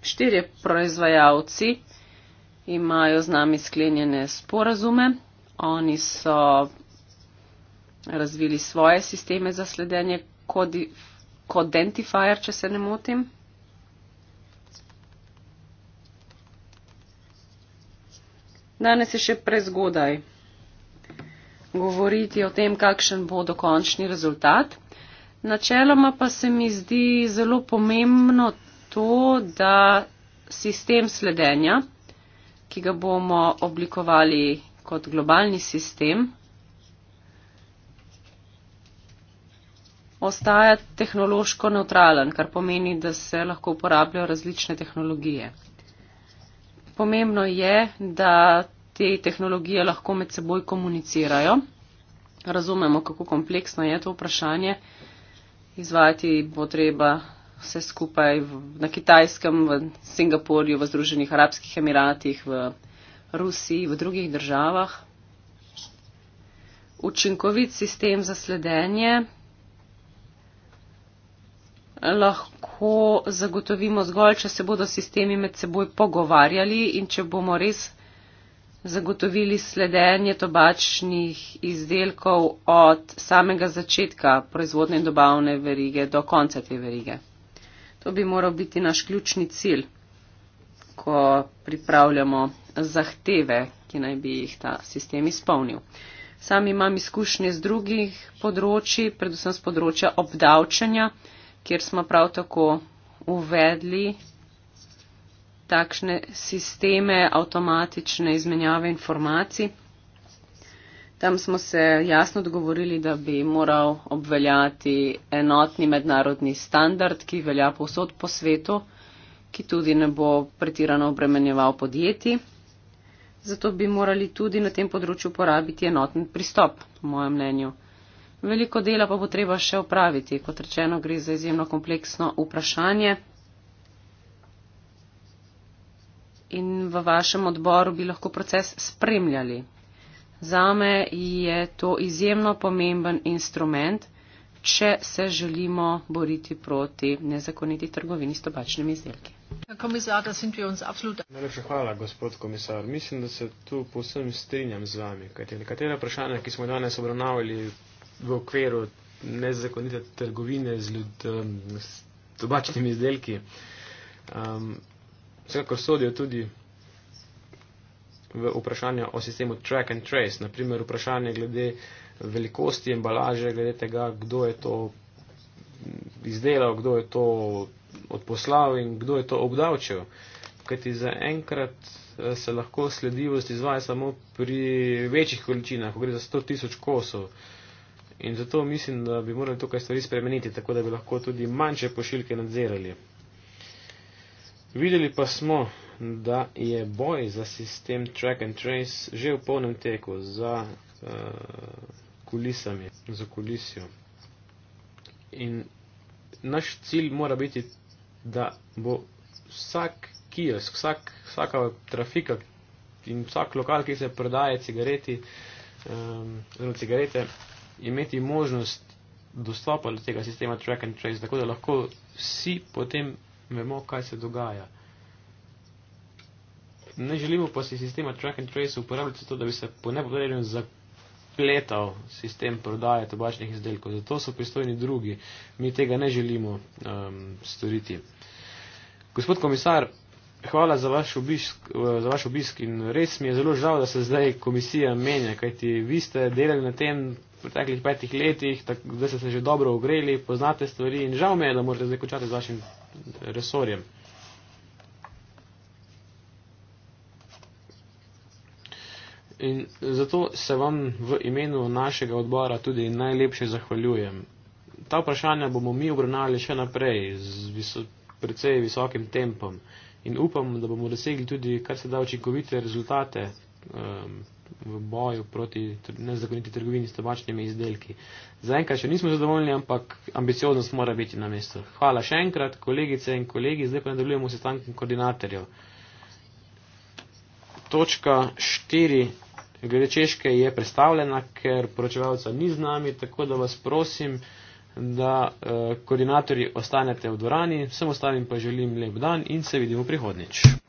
Štirje proizvajalci imajo z nami sklenjene sporazume. Oni so razvili svoje sisteme za sledenje kodi, kodentifier, če se ne motim. Danes je še prezgodaj govoriti o tem, kakšen bo dokončni rezultat. Načeloma pa se mi zdi zelo pomembno to, da sistem sledenja, ki ga bomo oblikovali kot globalni sistem, ostaja tehnološko neutralen, kar pomeni, da se lahko uporabljajo različne tehnologije. Pomembno je, da te tehnologije lahko med seboj komunicirajo. Razumemo, kako kompleksno je to vprašanje. Izvajati bo treba vse skupaj na Kitajskem, v Singapurju, v Združenih Arabskih Emiratih, v Rusiji, v drugih državah. Učinkovit sistem za sledenje lahko zagotovimo zgolj, če se bodo sistemi med seboj pogovarjali in če bomo res zagotovili sledenje tobačnih izdelkov od samega začetka proizvodne in dobavne verige do konca te verige. To bi moral biti naš ključni cilj, ko pripravljamo zahteve, ki naj bi jih ta sistem izpolnil. Sam imam izkušnje z drugih področji, predvsem z področja obdavčanja, kjer smo prav tako uvedli takšne sisteme avtomatične izmenjave informacij. Tam smo se jasno dogovorili, da bi moral obveljati enotni mednarodni standard, ki velja povsod po svetu, ki tudi ne bo pretirano obremenjeval podjetij. Zato bi morali tudi na tem področju uporabiti enoten pristop, po mojem mnenju. Veliko dela pa bo treba še opraviti, kot rečeno, gre za izjemno kompleksno vprašanje. in v vašem odboru bi lahko proces spremljali. Zame je to izjemno pomemben instrument, če se želimo boriti proti nezakoniti trgovini s tobačnimi izdelki. Najlepša hvala, gospod komisar. Mislim, da se tu posebno strinjam z vami, kajte nekatera vprašanja, ki smo danes obravnavali v okviru nezakonite trgovine z, ljud, um, s tobačnimi izdelki, um, vsekakor sodijo tudi v vprašanje o sistemu track and trace, naprimer vprašanje glede velikosti embalaže, glede tega, kdo je to izdelal, kdo je to odposlal in kdo je to obdavčil. Kajti zaenkrat eh, se lahko sledivost izvaja samo pri večjih količinah, ko gre za 100 tisoč kosov. In zato mislim, da bi morali tukaj stvari spremeniti, tako da bi lahko tudi manjše pošiljke nadzirali. Videli pa smo, da je boj za sistem track and trace že v polnem teku za uh, kulisami, za kulisijo. In naš cilj mora biti, da bo vsak kiosk, vsak, vsaka trafika in vsak lokal, ki se prodaje cigareti, um, cigarete, imeti možnost dostopa do tega sistema track and trace, tako da lahko vsi potem vemo, kaj se dogaja. Ne želimo pa si sistema track and trace uporabljati zato, da bi se po nepovedanju zapletal sistem prodaje tobačnih izdelkov. Zato so pristojni drugi. Mi tega ne želimo um, storiti. Gospod komisar, hvala za vaš, obisk, eh, za vaš obisk in res mi je zelo žal, da se zdaj komisija menja, kajti vi ste delali na tem preteklih petih letih, tako da ste se že dobro ogreli, poznate stvari in žal me je, da morate zdaj končati z vašim eh, resorjem. In zato se vam v imenu našega odbora tudi najlepše zahvaljujem. Ta vprašanja bomo mi obravnavali še naprej z viso, precej visokim tempom in upam, da bomo dosegli tudi kar se da učinkovite rezultate. Um, v boju proti nezakoniti trgovini s tobačnimi izdelki. Zaenkrat še nismo zadovoljni, ampak ambicioznost mora biti na mestu. Hvala še enkrat, kolegice in kolegi, zdaj pa nadaljujemo s tankim koordinatorjev. Točka 4 glede Češke je predstavljena, ker poročevalca ni z nami, tako da vas prosim, da eh, koordinatorji ostanete v dvorani, vsem ostalim pa želim lep dan in se vidimo prihodnič.